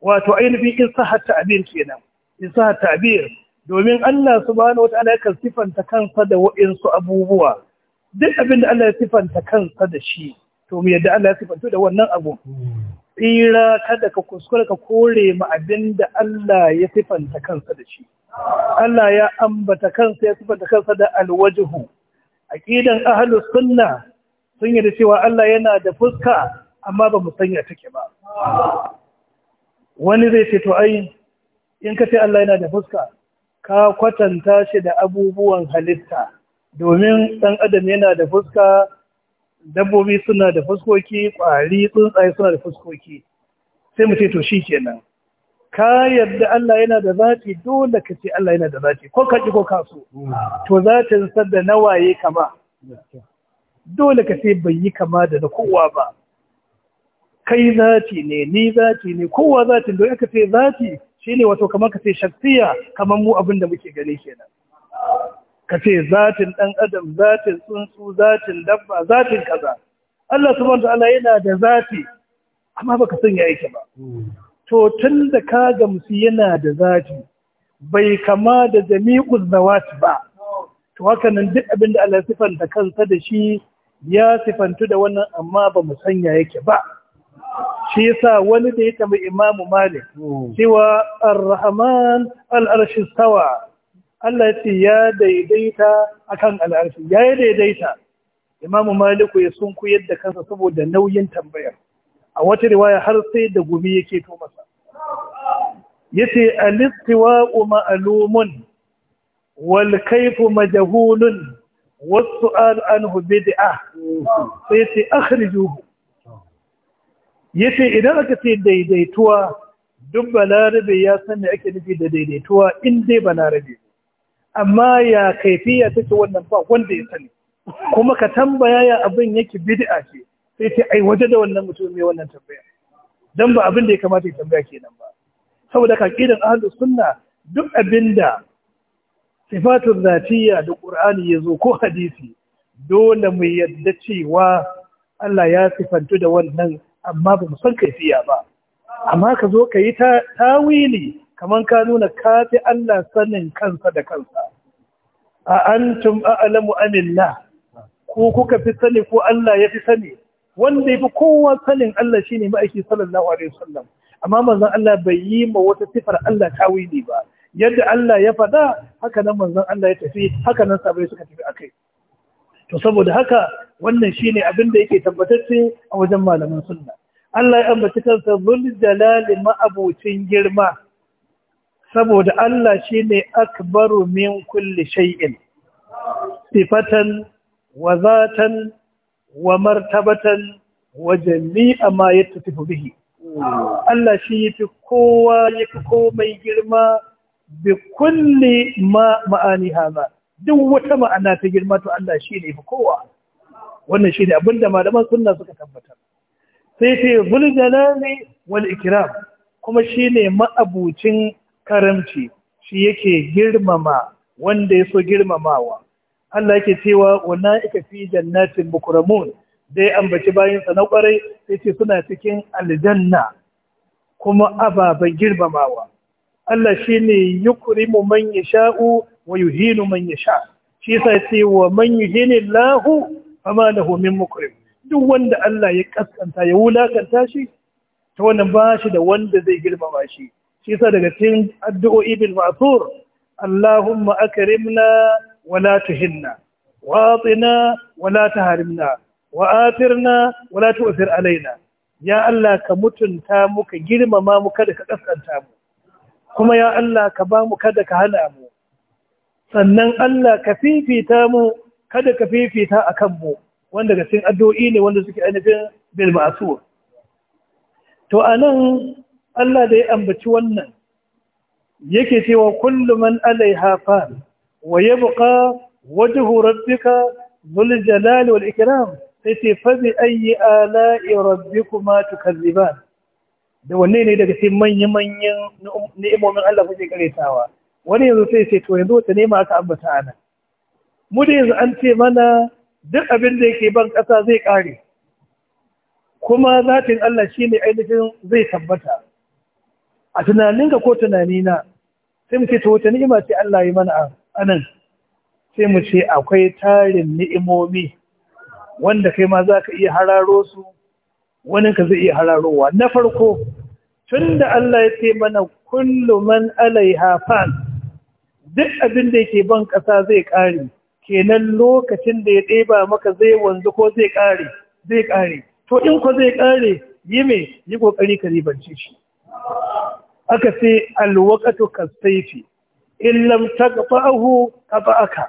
wato ainihin isaha ta'bir kenan isaha ta'bir domin Allah subhanahu wataala kan sifanta kansa da wa'insu abubuwa duk abin da Allah ya sifanta kansa da shi to mu yadda Allah ya sifanta da wannan abu tsira kada ka kuskure ka kore ma abin da Allah ya sifanta kansa da shi Allah ya ambata kansa ya sifanta kansa da alwajihu. aqidan ahlus sunna sun yi da cewa Allah yana da fuska amma ba mu sanya take ba wani zai ce to ai in ka ce Allah yana da fuska ka kwatanta shi da abubuwan halitta domin ɗan adam yana da fuska dabbobi suna da fuskoki ƙwari tsuntsaye suna da fuskoki sai mu ce to shi kenan ka yarda Allah yana da zati dole ka ce Allah yana da zati ko ka ki ko ka so to zatin sar da nawaye kama dole ka ce bai yi kama da na kowa ba kai zati ne ni zati ne kowa zati dole ka ce zati shine wato kamar ka ce shaktiya kamar mu abin da muke gani kenan ka ce zatin ɗan adam zatin tsuntsu zatin dabba zatin kaza Allah subhanahu wataala yana da zati amma baka sanya yake ba to tun da ka gamsu yana da zati bai kama da da zawati ba to haka nan duk abin da Allah sifanta kansa da shi ya sifantu da wannan amma ba mu sanya yake ba shi yasa wani da ya tambayi Imam Malik hmm. cewa Ar-Rahman al-Arshi Allah ya ce ya daidaita akan al'arshi ya yi daidaita imamu maliku ya sunku yadda kansa saboda nauyin tambayar a wata riwaya har sai da gumi yake to masa yace al-istiwa'u ma'lumun wal kayfu wasu was su'al da bid'ah sai yace akhrijuhu ce idan aka ce daidaituwa duk balarabe ya san me ake nufi da daidaituwa in dai balarabe amma ya kaifiya take wannan ba wanda ya sani kuma ka tambaya ya abin yake bid'a ce sai ce ai waje da wannan mutum mai wannan tambaya dan ba abin da ya kamata ya tambaya kenan ba saboda ka kidan ahlus sunna duk abinda sifatun zatiyya da qur'ani yazo ko hadisi dole mu yadda cewa Allah ya sifantu da wannan amma ba mu san kaifiya ba amma ka zo ka yi tawili kamar ka nuna kafi Allah sanin kansa da kansa a antum a'lamu amillah ko kuka fi sani ko Allah ya fi sani wanda ya fi kowa sanin Allah shine ma'aiki sallallahu alaihi wasallam amma manzon Allah bai yi ma wata sifar Allah tawili ba yadda Allah ya faɗa haka nan manzon Allah ya tafi haka nan sabai suka tafi akai to saboda haka wannan shine abin da yake tabbatacce a wajen malaman sunna Allah ya ambaci kansa zul jalali ma'abucin girma saboda Allah shi ne akbaru min kulle shay'in sifatan wazatan, zatan wa martabatan wa jami'a ma yattasifu bihi Allah shi fi kowa fi komai girma bi kulli ma ma'ani hada duk wata ma'ana ta girma to Allah shi ne fi kowa wannan shi ne abinda malaman sunna suka tabbatar sai ce zuljalali wal ikram kuma shi ne ma'abucin karamci shi yake girmama wanda ya so girmamawa Allah yake cewa ika fi jannatin mukramun dai ambaci bayin sa na kwarai sai ce suna cikin aljanna kuma ababen girmamawa Allah shi shine yukrimu man yasha'u wa yuhinu man yasha shi yasa ce wa man yuhinillahu fama lahu min mukrim duk wanda Allah ya kaskanta ya wulakanta shi ta wannan ba shi da wanda zai girmama shi shi sa daga cikin addu'o'i bil ma'thur Allahumma akrimna wa la tuhinna wa atina wa la tahrimna wa atirna wa la tu'thir alaina ya Allah ka mutunta mu ka girmama mu kada ka kaskanta mu kuma ya Allah ka ba mu kada ka hana mu sannan Allah ka fifita mu kada ka fifita a mu. wanda ga cikin addu'o'i ne wanda suke ainihin bil ma'thur to anan Allah da ya ambaci wannan yake cewa kullu man alaiha fan wa yabqa wajhu rabbika dhul jalali wal ikram sai ce fa bi ayyi ala'i rabbikuma tukazziban da wanne ne daga cikin manyan manyan ni'imomin Allah kuke karetawa wani yanzu sai ce to yanzu wata nema aka ambata ana mu da yanzu an ce mana duk abin da yake ban kasa zai kare kuma zatin Allah shine ainihin zai tabbata a tunaninka ko tunanina sai mu ce to wata ni'ima ce Allah ya mana anan sai mu ce akwai tarin ni'imomi wanda kai ma za ka iya hararo su wani ka zai iya hararowa na farko tun da Allah ya ce mana kullum man alaiha fan duk abin da yake ban ƙasa zai ƙare kenan lokacin da ya ɗeba maka zai wanzu ko zai ƙare zai ƙare to in ko zai ƙare yi me yi ƙoƙari ka ribance shi aka ce alwaqatu kasayfi in lam taqta'ahu qata'aka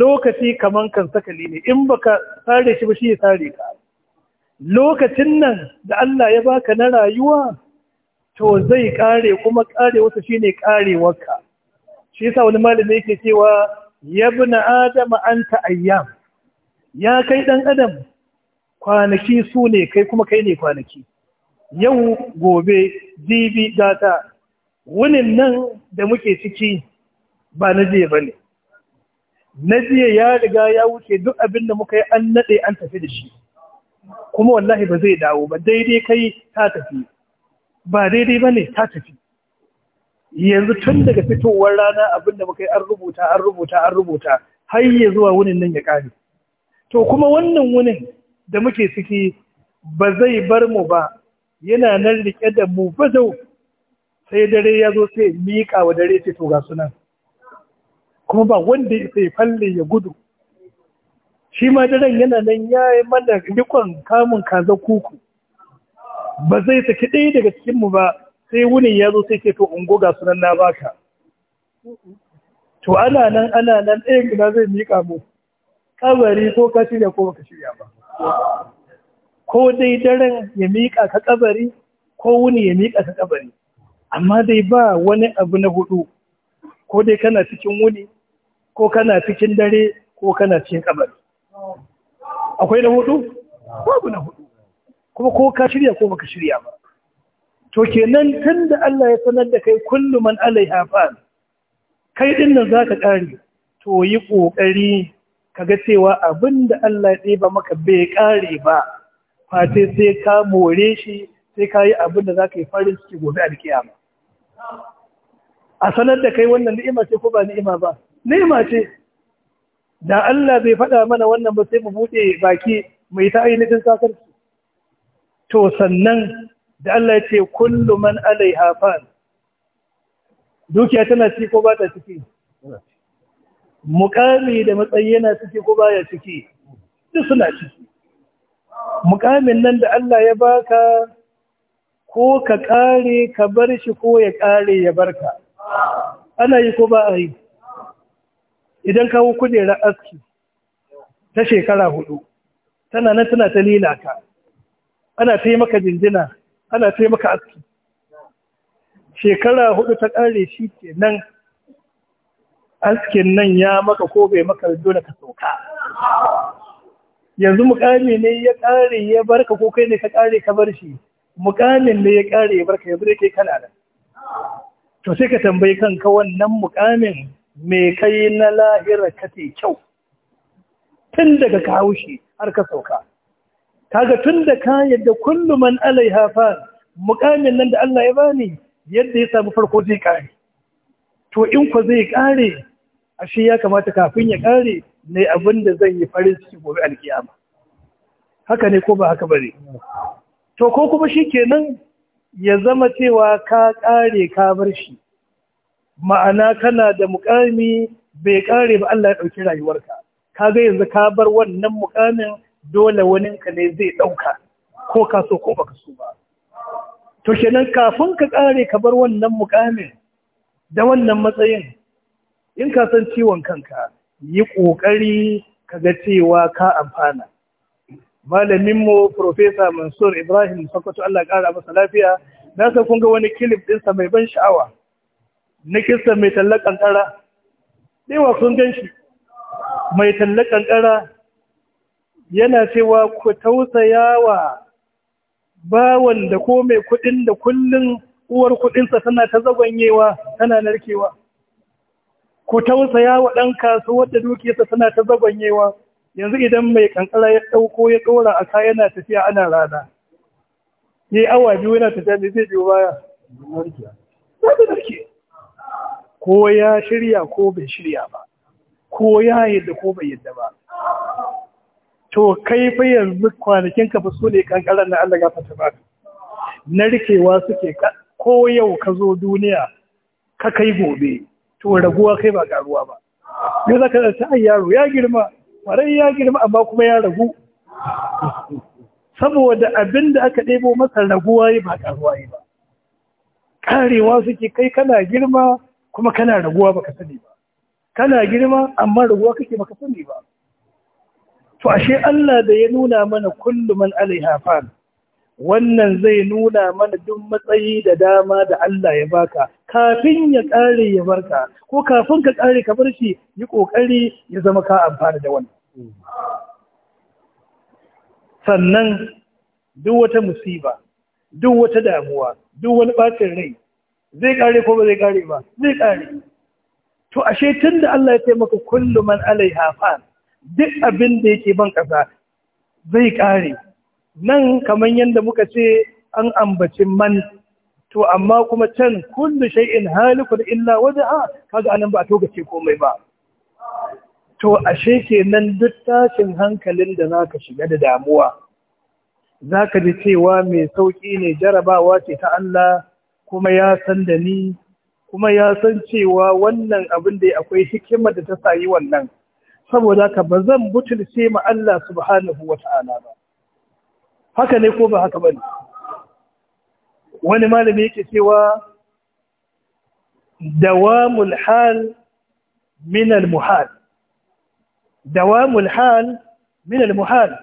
lokaci kamar kan sakali ne in baka tsare shi ba shi ya tsare ka lokacin nan da Allah ya baka na rayuwa to zai kare kuma kare wata shine karewarka shi yasa wani malami yake cewa yabna adama anta ayyam ya kai ɗan adam kwanaki su ne kai kuma kai ne kwanaki yau gobe jibi data, wunin nan da muke ciki ba na jiya ba ne na jiya ya riga ya wuce duk abin da muka yi an naɗe an tafi da shi kuma wallahi ba zai dawo ba daidai kai ta tafi ba daidai ba ne ta tafi yanzu tun daga fitowar rana abin da muka yi an rubuta an rubuta an rubuta har ya zuwa wunin nan ya ƙare to kuma wannan wunin da muke ciki ba zai bar mu ba yana nan rike da mu bazau sai dare ya zo sai miƙa wa dare ce to ga sunan kuma ba wanda ya sai falle ya gudu shi ma daren yana nan ya yi mana rikon kamun kaza kuku ba zai saki ɗaya daga cikinmu ba sai wuni ya zo sai ke to ungo ga sunan na baka to ana nan ana nan ɗayan eh, gida zai miƙa mu kabari ko ka shirya ko baka shirya ba ko dai daren ya miƙa ka kabari ko wuni ya miƙa ka kabari amma dai ba wani abu na hudu ko dai kana cikin wuni ko kana cikin dare ko kana cikin kabari akwai na hudu babu na hudu kuma ko ka shirya ko baka shirya ba to kenan tunda Allah ya sanar da kai kullu man alaiha fa kai din nan zaka kare to yi kokari kaga cewa abinda Allah ya ɗeba maka bai kare ba fati sai ka more shi sai ka yi abin da za ka yi farin ciki gobe a kiyama a sanar da kai wannan ni'ima ce ko ba ni'ima ba ni'ima ce da Allah bai faɗa mana wannan ba sai mu buɗe baki mai ta ainihin su to sannan da Allah ya ce kullu man alai hafan dukiya tana ci ko ba ta ciki mukami da matsayi yana ciki ko baya ciki duk suna ciki mukamin nan da Allah ya baka ko ka kare ka bar shi ko ya kare ya barka ana yi ko ba a yi idan kawo kujerar aski ta shekara hudu tana nan tana ta ka, ana ta maka jinjina ana ta maka aski shekara hudu ta kare shi ke nan askin nan ya maka ko bai maka dole ka sauka yanzu mukami ne ya kare ya barka ko kai ne ka kare ka bar shi mukamin ne ya kare ya barka yanzu da ke kana nan to sai ka tambayi kanka wannan mukamin me kai na lahira ka kyau tun daga ka haushi har ka sauka kaga tun da ka yadda kullu man alaiha fa, mukamin nan da Allah ya bani yadda ya samu farko zai kare to in ko zai kare ashe ya kamata kafin ya kare ne abinda zan yi farin ciki gobe alkiyama haka ne ko ba haka bane to ko kuma shikenan ya zama cewa ka kare ka bar shi ma'ana kana da mukami bai kare ba Allah ya dauki rayuwarka ga yanzu ka bar wannan mukamin dole wani ka ne zai dauka ko ka so ko baka so ba to kenan kafin ka kare ka bar wannan mukamin da wannan matsayin in ka san ciwon kanka yi ƙoƙari ka ga cewa ka amfana malaminmu Profesa Mansur Ibrahim Sokoto Allah ƙara masa lafiya na san kun ga wani kilif ɗinsa mai ban sha'awa na kista mai tallar ƙanƙara ɗewa sun gan shi mai tallar ƙanƙara yana cewa ku tausaya wa bawan da ko mai kuɗin da kullum uwar kuɗinsa tana ta zagonyewa tana narkewa ku tausaya wa ɗan kasuwar da dukiyarsa tana ta zagonyewa yanzu idan mai kankara ya ɗauko ya ɗora a kaya yana tafiya ana rana ya yi awa biyu yana tafiya ne zai biyo baya ko ya shirya ko bai shirya ba ko ya yadda ko bai yadda ba to kai fa yanzu kwanakin ka fa su ne kankaran na Allah fata ba narkewa suke ko yau ka zo duniya ka kai gobe to raguwa kai ba karuwa ba yau za ka ai yaro ya girma farai ya girma amma kuma ya ragu saboda abinda aka ɗebo masa raguwa yi ba karuwa yi ba karewa suke kai kana girma kuma kana raguwa baka sani ba kana girma amma raguwa kake baka sani ba to ashe Allah da ya nuna mana kullu man alaiha fa'al wannan zai nuna mana duk matsayi da dama da Allah ya baka kafin ya ƙare ya barka ko kafin ka ƙare ka bar shi yi ƙoƙari ya zama ka amfana da wannan sannan duk wata musiba duk wata damuwa duk wani ɓacin rai zai ƙare ko ba zai ƙare ba zai ƙare to ashe tun da Allah ya taimaka kullum man alaiha fa duk abin da yake ban ƙasa zai ƙare nan kamar yadda muka ce an ambaci man to amma kuma can kullu shay'in halikun illa wajha kaga anan ba a togace komai ba to ashe kenan duk tashin hankalin da zaka shiga da damuwa zaka ji cewa mai sauki ne jarabawa ce ta Allah kuma ya san da ni kuma ya san cewa wannan abin da akwai hikimar da ta sayi wannan saboda ka ba zan butulce ma Allah subhanahu wata'ala ba haka ne ko ba haka bane wani malami yake cewa dawamul hal min al muhal dawamul hal min al muhal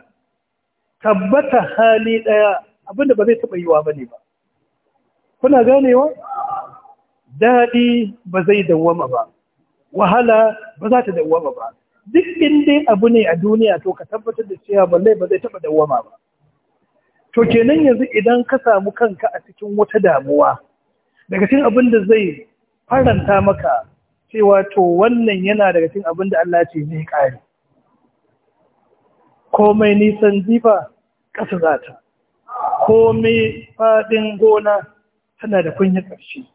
tabbata hali daya abinda ba zai taba yiwa bane ba kuna ganewa daɗi ba zai dawwama ba wahala ba za ta dawama ba duk inda abu ne a duniya to ka tabbatar da cewa balle ba zai taba dawwama ba to kenan yanzu idan ka samu kanka a cikin wata damuwa daga cikin abin da zai faranta maka cewa to wannan yana daga cikin abin da Allah ce zai kare komai nisan jifa ƙasa za ta komai faɗin gona tana da kunya ƙarshe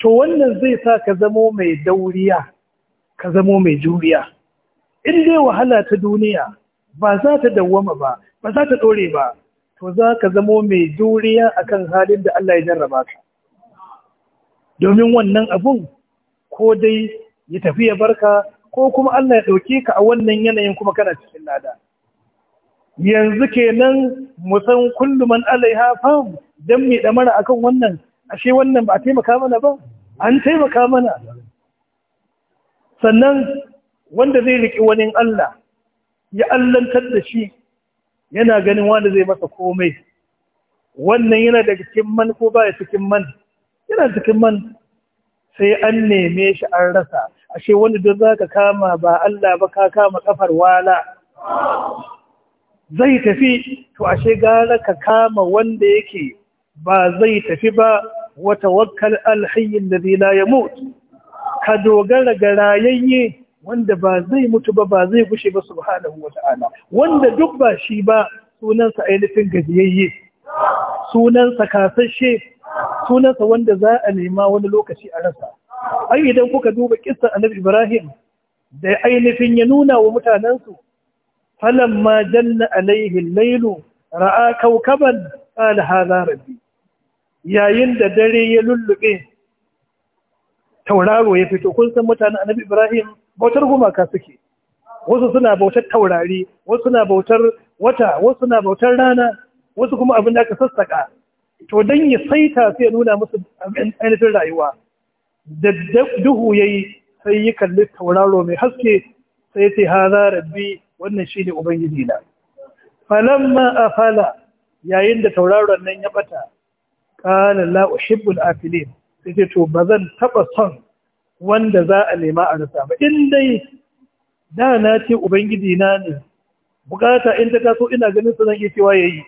to wannan zai sa ka zamo mai dauriya ka zamo mai juriya in dai wahala ta duniya ba za ta dawwama ba ba za ta ɗore ba to za ka zamo mai juriya akan halin da Allah ya jarraba ka domin wannan abun ko dai ya tafi ya barka ko kuma Allah ya ɗauke ka a wannan yanayin kuma kana cikin lada yanzu kenan mu san kullu man alaiha fam dan ɗamara damara kan wannan ashe wannan ba a taimaka mana ba an taimaka mana sannan wanda zai riƙi wani Allah ya allantar da shi yana ganin wanda zai masa komai wannan yana daga cikin man ko baya cikin man yana cikin man sai an neme shi an rasa ashe wanda don zaka kama ba Allah ba ka kama kafar wala zai tafi to ashe gara ka kama wanda yake ba zai tafi ba wata wakkar alhayyin da la yamut ka dogara ga rayayye wanda ba zai mutu ba ba zai gushe ba subhanahu ta'ala. wanda duk ba shi ba sunansa ainihin gajiyayye sunansa kasashe sunansa wanda za a nema wani lokaci a rasa ai idan kuka duba kissa annabi Ibrahim da ainihin ya nuna wa mutanensu ma janna alaihi lailu ra'a kaukaban qala hadha rabbi yayin da dare ya lullube tauraro ya fito kun san mutanen annabi Ibrahim bautar gumaka suke wasu suna bautar taurari wasu suna bautar wata wasu suna bautar rana wasu kuma abin da aka sassaka to dan ya saita sai ya nuna musu ainihin rayuwa da duhu yayi sai yi kalli tauraro mai haske sai ya ce haza rabbi wannan shine ubangiji na ma falamma afala yayin da tauraron nan ya bata qala la uhibbul afilin sai ce to bazan taba son wanda za a nema a rasa ba in dai da na ce ubangiji na ne bukata in ta taso ina ganin su zan iya cewa ya yi.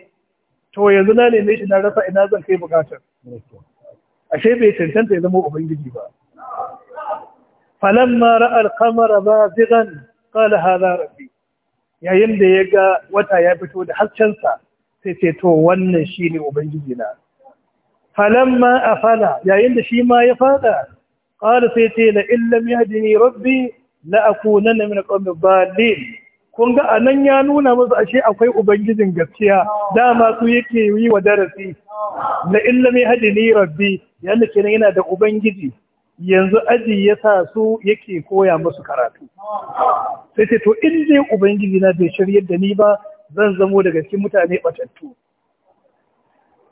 to yanzu na neme shi na rasa ina zan kai bukatar ashe bai cancanta ya zama ubangiji ba falamma ra'al qamara bazigan qala hadha rabbi yayin da ya ga wata ya fito da haskensa sai ce to wannan shine ubangiji na falamma afala yayin da shi ma ya fada قال sai ce la illam yahdini rabbi la akunanna min kun ga anan ya nuna musu ashe akwai ubangijin gaskiya dama su yake yi wa darasi la illam yahdini rabbi yana kenan yana da ubangiji yanzu aji ya sa su yake koya musu karatu sai ce to in dai ubangiji na bai shiryar da ni ba zan zamo daga cikin mutane batattu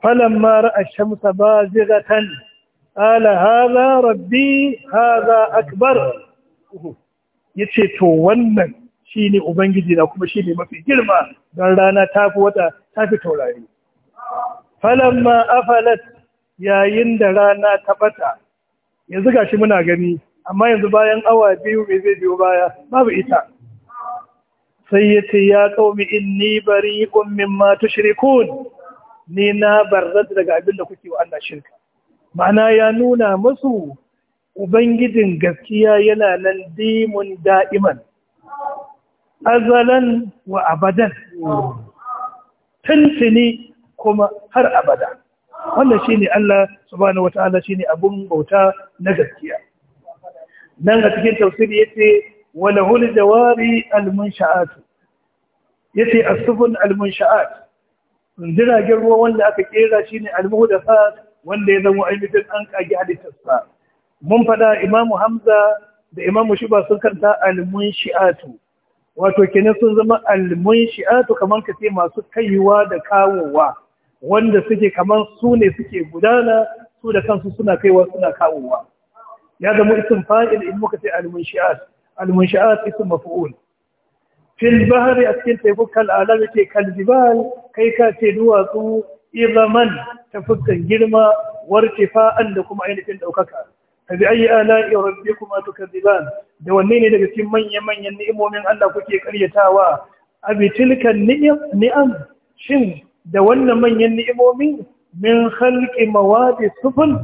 falamma ra'a shamsa bazigatan قال haza ربي haza akbar ya ce to wannan shine ubangiji na kuma shine mafi girma don rana ta fi wata ta fi taurari falamma afalat yayin da rana ta bata yanzu gashi muna gani amma yanzu bayan awa biyu mai zai biyo baya babu ita sai yace ya qaumi inni bari ummin tushrikun ni na barzata daga abin da kuke wa Allah shirka ma'ana ya nuna musu ubangijin gaskiya yana nan dimun da'iman azalan wa abadan tuntuni kuma har abada wannan shine Allah subhanahu wataala shine abun bauta na gaskiya nan a cikin tafsiri yace wala hul jawari al munshaat yace as-sufun al munshaat jiragen ruwa wanda aka kera shine al muhdathat wanda ya zama ainihin an kage halittarsa mun faɗa imamu hamza da imamu shuba sun kanta almun shi'atu wato kenan sun zama almun shi'atu kamar ka ce masu kaiwa da kawowa wanda suke kamar su ne suke gudana su da kansu suna kaiwa suna kawowa ya zama isin fa'il in muka ce almun shi'at almun shi'at isin mafi'ul fil bahri a cikin teku kal alam ce kal jibal kai ka ce duwatsu izaman ta fuskan girma wartifa'an da kuma ainihin ɗaukaka ka bi ayi ala rabbi kuma tukaziban da wanne ne daga cikin manya-manyan ni'imomin Allah kuke karyatawa a bitilkan ni'am shin da wannan manyan ni'imomi min halki mawadi sufun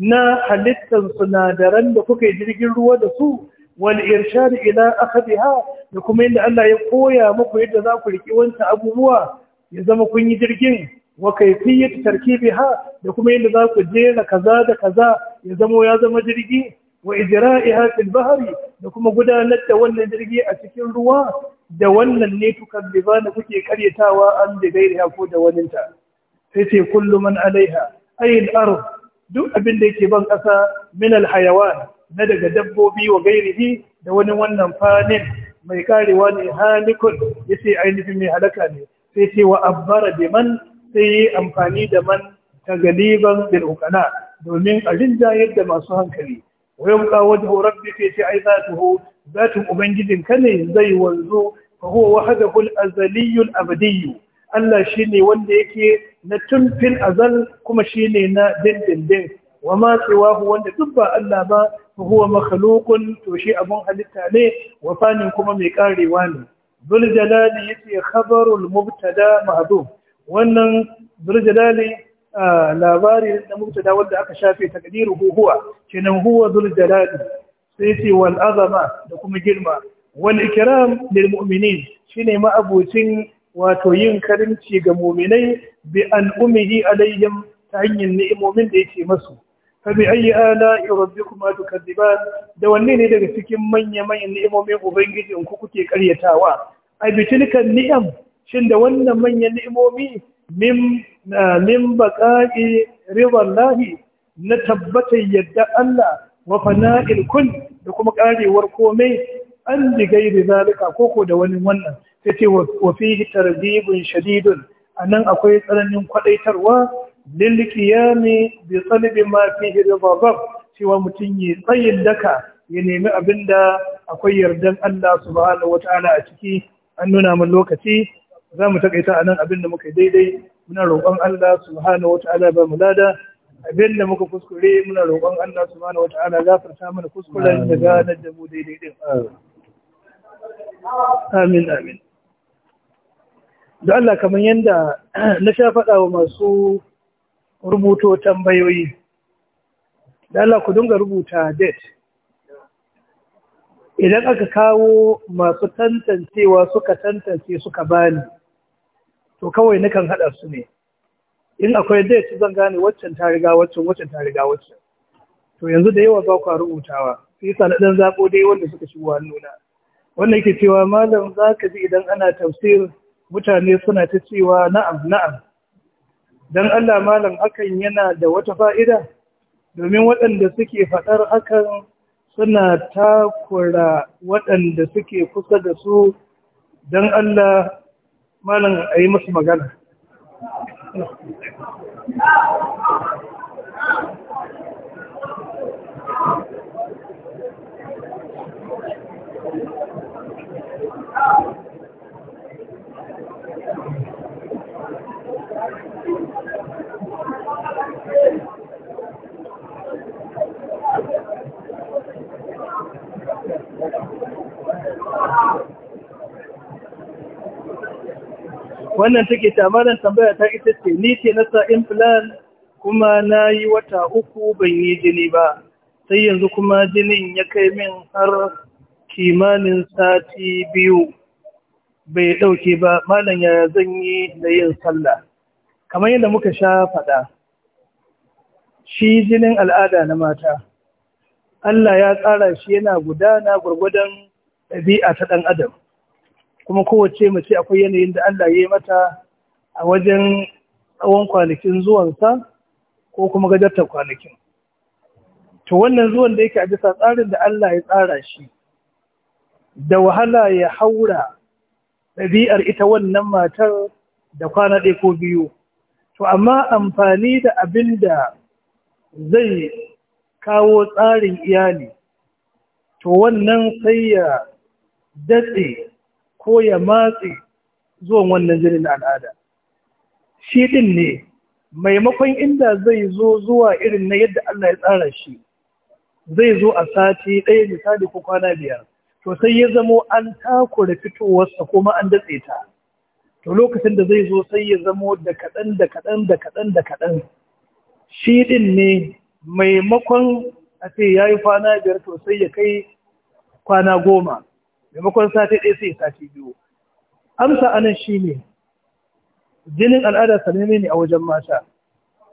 na halittar sunadaran da kuka jirgin ruwa da su wal irshad ila akhadiha da kuma yadda Allah ya koya muku yadda za ku riki wancan abubuwa ya zama kun yi jirgin wa kayfiyyat biha da kuma yadda za ku jera kaza da kaza ya zamo ya zama jirgi wa ijra'iha fil bahri da kuma gudanar da wannan jirgi a cikin ruwa da wannan ne tukazzibana kuke karyatawa an da gairiha ko da waninta sai ce kullu man alaiha ay al duk abin da yake ban ƙasa min hayawan na daga dabbobi wa gairihi da wani wannan fanin mai karewa ne halikun yace ainihin mai halaka ne sai ce wa abbara biman sai yi amfani da man ta galiban bil domin a rinja yadda masu hankali wayan ka wata horar da ke ce ai za ta ho zatin ubangijin ka ne zai wanzu fa huwa wahdahu azaliyyun abadiyyu Allah ne wanda yake na tunfil azal kuma shine na dindindin wa ma tsiwahu wanda duk ba Allah ba fa huwa makhluqun to shi abun halitta ne wa fanin kuma mai karewa ne zul jalali يتي khabarul mubtada معذوب wannan zuljalali labari na mubtada wanda aka shafe takdiru huwa kenan huwa zuljalali sai ce wal azama da kuma girma wal ikram lil mu'minin shine ma abocin wato yin karimci ga mu'minai bi an umihi alaihim ta hanyar ni'imomin da yake masu fa bi ayi ala rabbikuma tukadziban da wanne ne daga cikin manya manyan ni'imomin ubangijin ku kuke karyatawa ai bi tilkan ni'am shin da wannan manyan ni'imomi min ah, min baqa'i ridallahi na tabbatar yadda Allah wa fana'il kun da kuma karewar komai an ji gairi zalika koko da wani wannan sai ce wa fihi tarjibun shadidun anan akwai tsananin kwadaitarwa lil qiyami bi talbi ma fihi ridallah cewa mutum ya tsayin daka ya nemi abinda akwai yardan Allah subhanahu wata'ala a ciki an nuna min lokaci za mu takaita a nan abin da muka daidai muna roƙon Allah subhanahu wata'ala ba mu lada abin da muka kuskure muna roƙon Allah subhanahu wata'ala gafarta mana kuskuren da ganar da mu daidai din amin amin da Allah kamar yadda na sha faɗa wa masu rubuto tambayoyi da Allah ku dinga rubuta date idan aka kawo masu tantancewa suka tantance suka bani to kawai nakan haɗa su ne in akwai date zan gane waccan ta riga waccan waccan ta riga waccan to yanzu da yawa ba kwa rubutawa sai yasa na dan zako dai wanda suka shigo hannuna wannan yake cewa malam zaka ji idan ana tafsir mutane suna ta cewa na'am na'am dan Allah malam akan yana da wata fa'ida domin waɗanda suke faɗar akan suna takura waɗanda suke kusa da su dan Allah malam ay mas maganda. Thank you. wannan take tamarin tambaya ta ita ce ni ce na sa implant kuma na yi wata uku ban yi jini ba sai yanzu kuma jinin ya kai min har kimanin sati biyu bai ɗauke ba malam ya zan yi da yin sallah kamar yadda muka sha faɗa shi jinin al'ada na mata Allah ya tsara shi yana gudana gwargwadon ɗabi'a ta ɗan adam kuma kowace mace akwai yanayin da Allah ya yi mata a wajen tsawon kwanakin zuwansa ko kuma gajartar kwanakin to wannan zuwan da yake a bisa tsarin da Allah ya tsara shi da wahala ya haura ɗabi'ar ita wannan matar da kwana ɗaya ko biyu to amma amfani da abin da zai kawo tsarin iyali to wannan sai ya datse ko ya matse zuwan wannan jini na al'ada shi din ne maimakon inda zai zo zuwa irin na yadda Allah ya tsara shi zai zo a sati ɗaya misali ko kwana biyar to sai ya zamo an takura fitowarsa kuma an datse ta to lokacin da zai zo sai ya zamo da kaɗan da kaɗan da kaɗan da kaɗan shi ɗin ne maimakon a ce ya yi kwana biyar to sai ya kai kwana goma maimakon sati ɗaya sai sati biyu amsa anan shi ne jinin al'ada sananne ne a wajen mata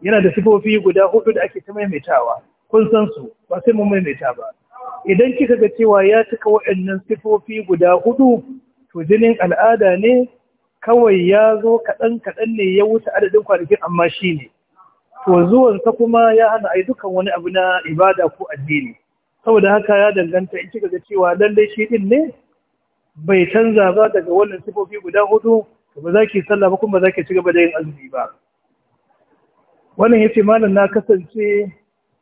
yana da sifofi guda hudu da ake ta maimaitawa kun san su ba sai mun maimaita ba idan kika ga cewa ya cika waɗannan sifofi guda hudu to jinin al'ada ne kawai ya zo kaɗan kaɗan ne ya wuce adadin kwanakin amma shi ne to zuwansa kuma ya hana yi dukan wani abu na ibada ko addini saboda haka ya danganta in kika ga cewa lallai shi din ne bai canza ba daga wannan sifofi guda hudu ba za ki sallah ba kuma ba za ki ci gaba da yin azumi ba wannan yace malam na kasance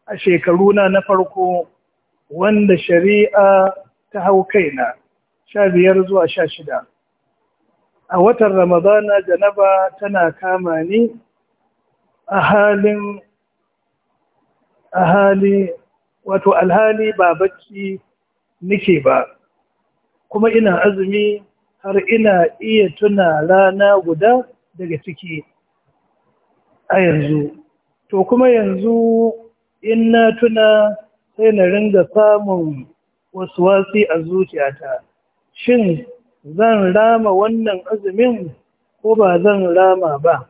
a shekaruna na farko wanda shari'a ta hau kaina sha biyar zuwa sha shida a watan ramadana janaba tana kama ni a halin a hali wato alhali ba bacci nike ba kuma ina azumi har ina iya tuna rana guda daga ciki a yanzu to kuma yanzu in na tuna sai na ringa samun wasu wasi a zuciyata shin zan rama wannan azumin ko ba zan rama ba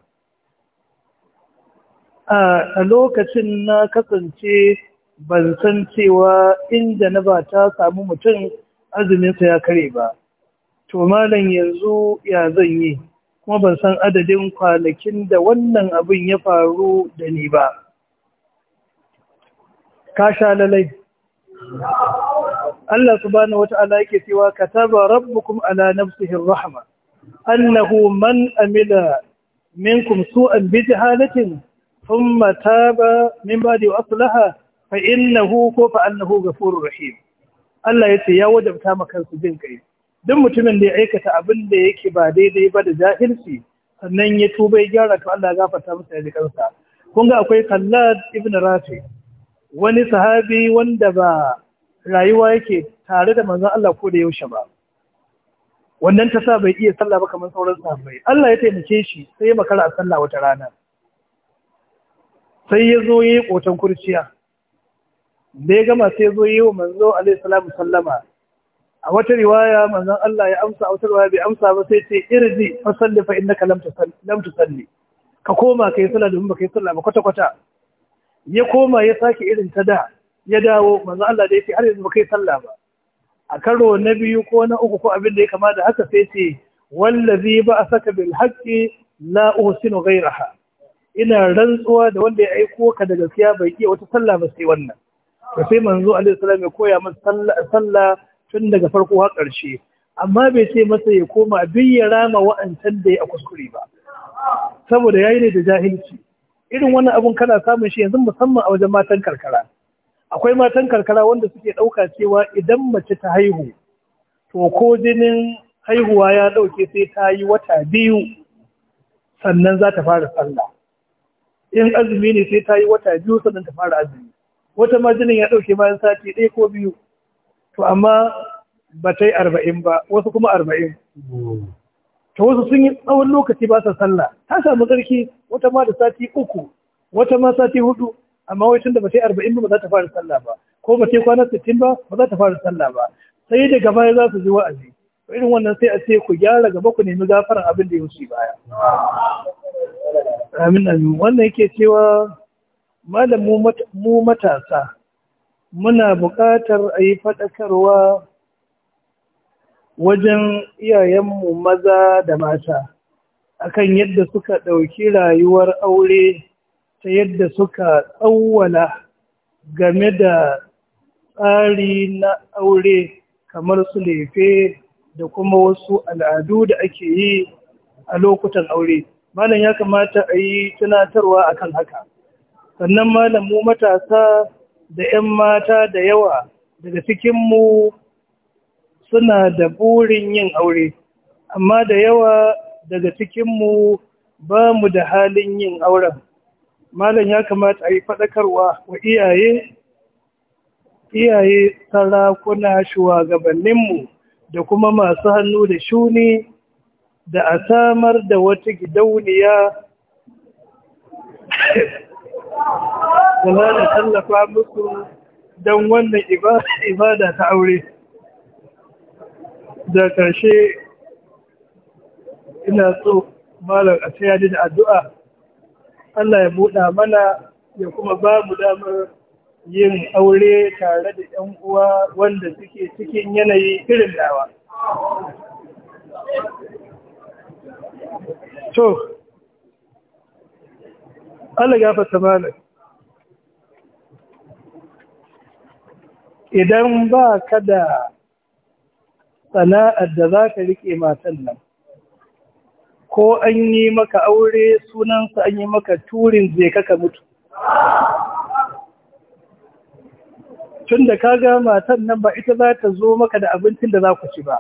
a lokacin na kasance ban san cewa inda na ba ta samu mutum azuminsa ya kare ba to malam yanzu ya zan yi kuma ban san adadin kwalakin da wannan abin ya faru da ni ba ka sha lalai Allah subhanahu wata'ala yake cewa kataba rabbukum ala nafsihi rahma annahu man amila minkum su'an bi jahalatin thumma taba min ba'di aslaha fa innahu ko fa annahu ghafurur rahim Allah ya ce ya wajabta ma kansu jin kai duk mutumin da ya aikata abin da yake ba daidai ba da jahilci sannan ya tuba ya gyara to Allah ya gafarta masa ya ji kansa kun ga akwai Kallad ibn Rafi wani sahabi wanda ba rayuwa yake tare da manzon Allah ko da yaushe ba wannan ta sa bai iya sallah ba kamar sauran sahabbai Allah ya taimake shi sai ya makara a sallah wata rana sai ya zo ya yi ƙoton kurciya da ya gama sai zo yi wa manzo alaihi sallama a wata riwaya manzon Allah ya amsa a wata riwaya bai amsa ba sai ce irzi fa salli fa innaka lam tusalli ka koma kai sallah domin baka yi sallah ba kwata kwata ya koma ya sake irin ta da ya dawo manzo Allah da ya ce har yanzu baka yi sallah ba a karo na biyu ko na uku ko abin da ya kama da haka sai ce wallazi ba a saka bil haqqi la usinu ghayraha ina rantsuwa da wanda ya aiko ka da gaskiya bai iya wata sallah ba sai wannan da sai manzo alaihi salam ya koya masa sallah tun daga farko har ƙarshe amma bai ce masa ya koma bin ya rama wa'ancan da ya a kuskure ba saboda yayi ne da jahilci irin wani abun kana samun shi yanzu musamman a wajen matan karkara akwai matan karkara wanda suke ɗauka cewa idan mace ta haihu to ko jinin haihuwa ya ɗauke sai ta yi wata biyu sannan za ta fara sallah in azumi ne sai ta yi wata biyu sannan ta fara azumi wata ma jinin ya ɗauke bayan sati ɗaya ko biyu to amma ba ta yi arba'in ba wasu kuma arba'in ta wasu sun yi tsawon lokaci ba sa sallah ta samu tsarki wata ma da sati uku wata ma sati hudu amma wai tun da ba ta yi arba'in ba za ta fara sallah ba ko ba ta yi kwana sittin ba ba za ta fara sallah ba sai daga baya za su ji wa'azi irin wannan sai a ce ku gyara gaba ku nemi gafaran abin da ya wuce baya amin amin wannan yake cewa malam mu matasa muna buƙatar a yi faɗakarwa wajen iyayenmu maza da mata akan yadda suka ɗauki rayuwar aure ta yadda suka tsawwala game da tsari na aure kamar su lefe da kuma wasu al'adu da ake yi a lokutan aure malam ya kamata a yi tunatarwa akan haka sannan malamu matasa da 'yan mata da yawa daga cikinmu suna da burin yin aure amma da yawa daga cikinmu ba mu da halin yin auren malam ya kamata a yi faɗakarwa wa iyaye iyaye sarakuna shugabanninmu da kuma masu hannu da shuni da a samar da wata gidauniya da za tallafa musu don wannan ibada ta aure da karshe, ina so malar a tsayadi da addu'a Allah ya buɗa mana ya kuma ba mu damar yin aure tare da ‘yan uwa wanda suke cikin yanayi irin dawa. To, Allah ya fata malam idan ba ka da sana'ar da za ka riƙe matan nan ko an yi maka aure sunansa an yi maka turin zai ka mutu tun da ka ga matan nan ba ita za ta zo maka da abincin da za ku ci ba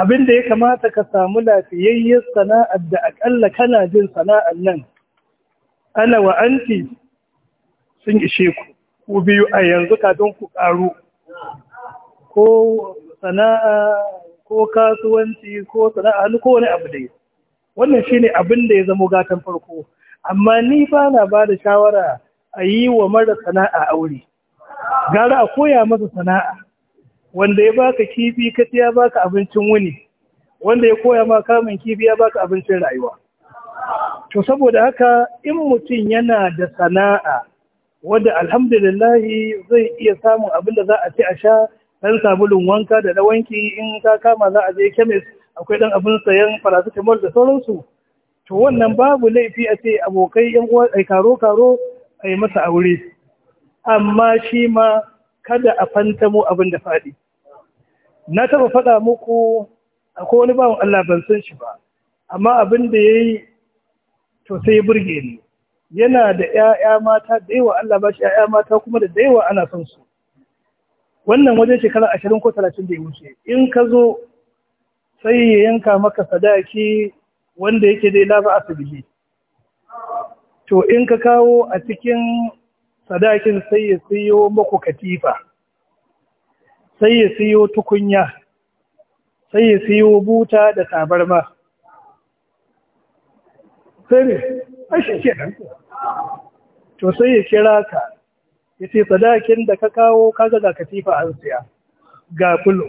abin da ya kamata ka samu lafiyayyen sana'ar da akalla kana jin sana'ar nan ana wa anti sun ishe ku ku biyu a yanzu kafin ku karu ko sana'a ko kasuwanci ko sana'a hannu ko wani abu dai wannan shine abin da ya zama gatan farko amma ni fa na ba da shawara a yi wa mara sana'a aure gara a koya masa sana'a wanda ya baka kifi ka ya baka abincin wuni wanda ya koya ma kamun kifi ya baka abincin rayuwa to saboda haka in mutum yana da sana'a wadda alhamdulillahi zai iya samun abin da za a ci a sha ɗan sabulun wanka da na wanki in ka kama za a je kemis akwai ɗan abin sayan paracetamol da sauransu to wannan babu laifi a ce abokai yan uwa ai karo karo a yi masa aure amma shi ma kada a fantamo abin da faɗi na taɓa faɗa muku akwai wani bawan Allah ban san shi ba amma abin da ya yi to sai ya burge ni yana da 'ya'ya mata da yawa Allah ba shi 'ya'ya mata kuma da yawa ana son su wannan wajen shekara ashirin ko talatin da ya wuce in ka zo sai ya yanka maka sadaki wanda yake dai lafa asibiti to in ka kawo a cikin sadakin sai ya siyo maku katifa sai ya siyo tukunya sai ya siyo buta da tabarma sai ai shi ke nan to sai ya kira ka ya ce sadakin da ka kawo kaga ga katifa an siya ga kulo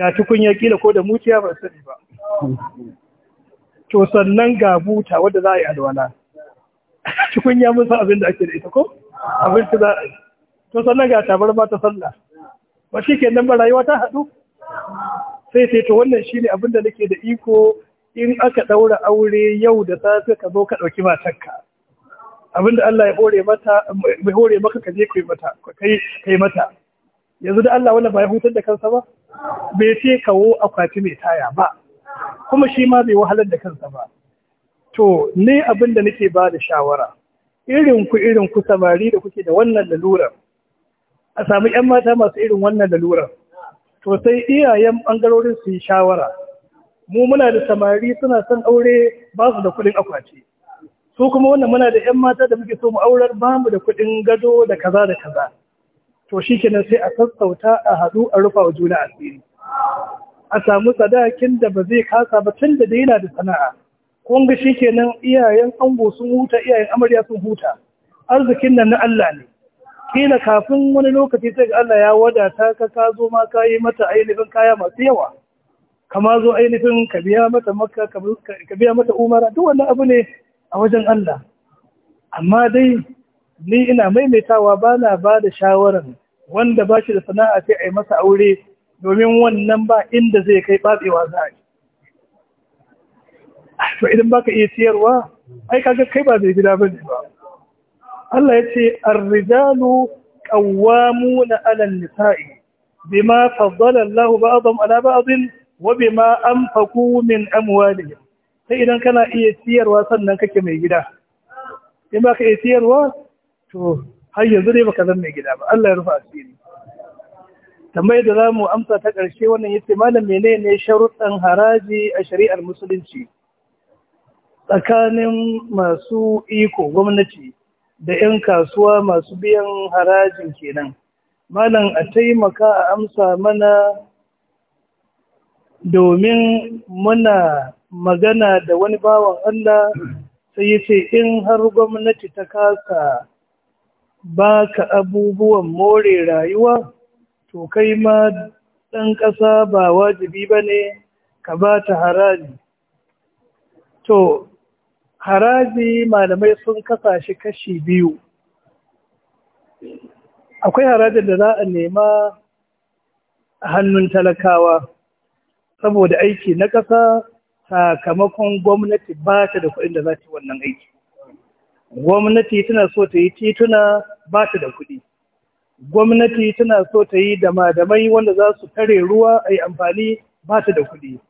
ga tukunya kila ko da muciya ba sani ba to sannan ga buta wadda za a yi alwala tukunya mun san abin da ake da ita ko abin da za a yi to sannan ga ba ta sallah ba shi ke nan ba rayuwa ta haɗu sai sai to wannan shi ne abin da nake da iko in aka ɗaura aure yau da safe ka zo ka ɗauki matarka abinda Allah ya hore mata bai hore maka ka je kai mata kai mata yanzu da Allah wanda bai hutar da kansa ba bai ce kawo akwati mai taya ba kuma shi ma bai wahalar da kansa ba to ne abinda nake ba da shawara irin ku irin ku samari da kuke da wannan lalurar a samu 'yan mata masu irin wannan lalurar to sai iyayen bangarorin su yi shawara mu muna da samari suna son aure ba su da kuɗin akwati su kuma wannan muna da ƴan mata da muke so mu aurar ba mu da kuɗin gado da kaza da kaza to shikenan sai a sassauta a haɗu a rufa wa juna asiri a samu sadakin da ba zai kasa ba tun da yana da sana'a kun ga shikenan iyayen ango sun huta iyayen amarya sun huta arzikin nan na Allah ne kila kafin wani lokaci sai ga Allah ya wadata ka ka zo ma ka mata ainihin kaya masu yawa kama zo ainihin ka biya mata makka ka biya mata umara duk wannan abu ne a wajen Allah amma dai ni ina maimaitawa ba na ba da shawarar wanda ba shi da sana'a sai a yi masa aure domin wannan ba inda zai kai batsewa za a yi ah, to idan baka iya siyarwa ai kaga kai ba zai gida bane ba Allah ya ce ar-rijalu qawwamuna 'ala an-nisa'i bima faddala Allahu ba'dhum 'ala ba'dhin wa ma anfaqu min amwalihim sai idan kana iya siyarwa sannan kake mai gida in ba ka iya siyarwa to har yanzu dai baka zan mai gida ba Allah ya rufa asiri tambayar da za mu amsa ta ƙarshe wannan ya ce malam menene sharuɗan haraji a shari'ar musulunci tsakanin masu iko gwamnati da 'yan kasuwa masu biyan harajin kenan malam a taimaka a amsa mana domin muna magana da wani bawan Allah sai ya ce in har gwamnati ta kasa ba ka abubuwan more rayuwa to kai ma ɗan ƙasa ba wajibi ba ne ka ba ta haraji to haraji malamai sun kasa shi kashi biyu akwai harajin da za a nema a hannun talakawa saboda aiki na ƙasa sakamakon gwamnati ba ta da kuɗin da za ta wannan aiki gwamnati tana so ta yi tituna ba ta da kuɗi gwamnati tana so ta yi dama-damai wanda za su tare ruwa a yi amfani ba ta da kuɗi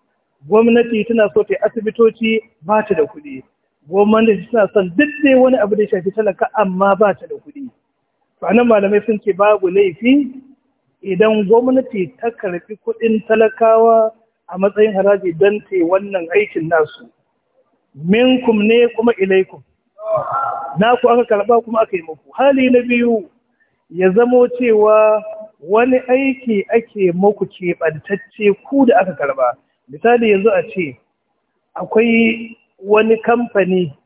gwamnati tana so ta yi asibitoci ba ta da kuɗi gwamnati tana son duk dai wani abu da shafi talaka amma ba ta da kuɗi Sannan malamai sun ce babu laifi idan gwamnati ta karfi kuɗin talakawa a matsayin haraji don te wannan aikin nasu minkum ne kuma ilaikum na ku aka karɓa kuma aka yi muku hali na biyu ya zamo cewa wani aiki ake muku keɓantacce ku da aka karba misali yanzu a ce akwai wani kamfani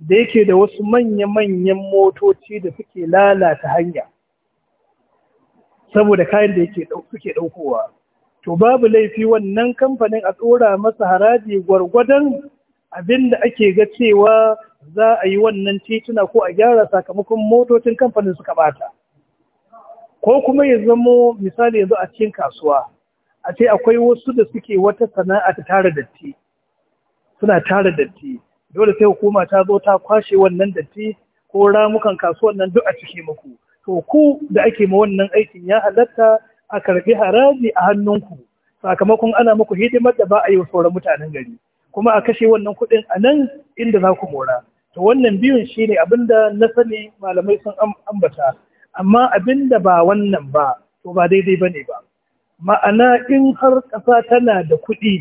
da yake da wasu manya-manyan motoci da suke lalata hanya saboda kayan da yake ɗaukowa to babu laifi wannan kamfanin a tsora masa haraji gwargwadon abinda ake ga cewa za a yi wannan tituna ko a gyara sakamakon motocin kamfanin suka bata ko kuma ya zamo misali yanzu a cikin kasuwa a ce akwai wasu da suke wata sana'a ta tara datti suna tara datti dole sai hukuma ta zo ta kwashe wannan datti ko ramukan kasuwan nan duk a cike muku to ku da ake ma wannan aikin ya halatta a karbi haraji a hannunku sakamakon ana muku hidimar da ba a yi wa sauran mutanen gari kuma a kashe wannan kuɗin a nan inda za ku mora to wannan biyun shine abinda na sani malamai sun ambata amma abinda ba wannan ba to ba daidai ne ba ma'ana in har ƙasa tana da kuɗi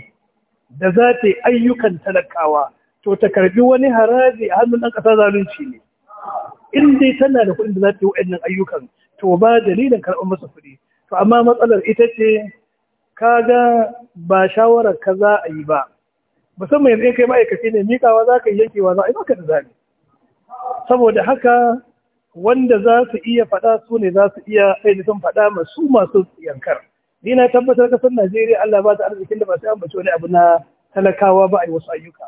da za ta yi ayyukan talakawa to ta karbi wani haraji a hannun ɗan ƙasa zalunci ne in dai tana da kuɗin da za ta yi wa'annan ayyukan to ba dalilin karɓar masa kuɗi to amma matsalar ita ce ka ga ba shawarar ka za a yi ba musamman yanzu in kai ma'aikaci ne mikawa za ka yi yankewa za a yi maka da zaɓi saboda haka wanda za su iya faɗa su ne za su iya ainihin faɗa masu masu yankar ni na tabbatar kasar najeriya allah ba ta arzikin da ba sai an wani abu na talakawa ba a yi wasu ayyuka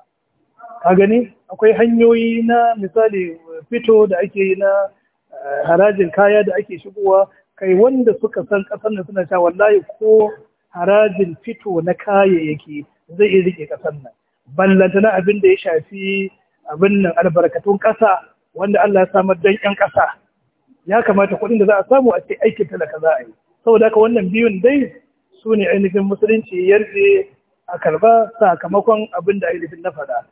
ka gani akwai hanyoyi na misali fito da ake yi na eh, harajin kaya da ake shigowa kai wanda suka san ƙasar nan suna cewa wallahi ko harajin fito na kayayyaki zai iya rike ƙasar nan ballantana abin da ya shafi abin nan albarkatun ƙasa wanda Allah ya samar don 'yan ƙasa ya kamata kuɗin da za a samu a ce aikin talaka za a yi saboda haka wannan biyun dai su ne ainihin musulunci yarje a kalba sakamakon abin da ainihin na faɗa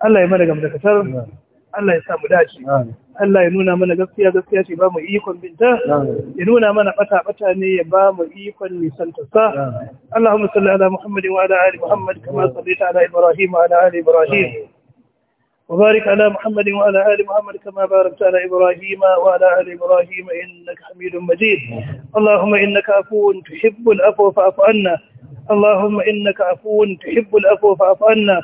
Allah ya mana gamdakatar Allah ya samu dace Allah ya nuna mana gaskiya gaskiya ce ba mu ikon binta ya nuna mana bata bata ne ya ba mu ikon nisanta sa Allahumma salli ala Muhammad wa ala ali Muhammad kama sallaita ala Ibrahim wa ala ali Ibrahim وبارك على محمد وعلى آل محمد كما باركت على إبراهيم وعلى آل إبراهيم إنك حميد مجيد اللهم إنك عفو تحب العفو فاعف عنا اللهم إنك عفو تحب العفو فاعف عنا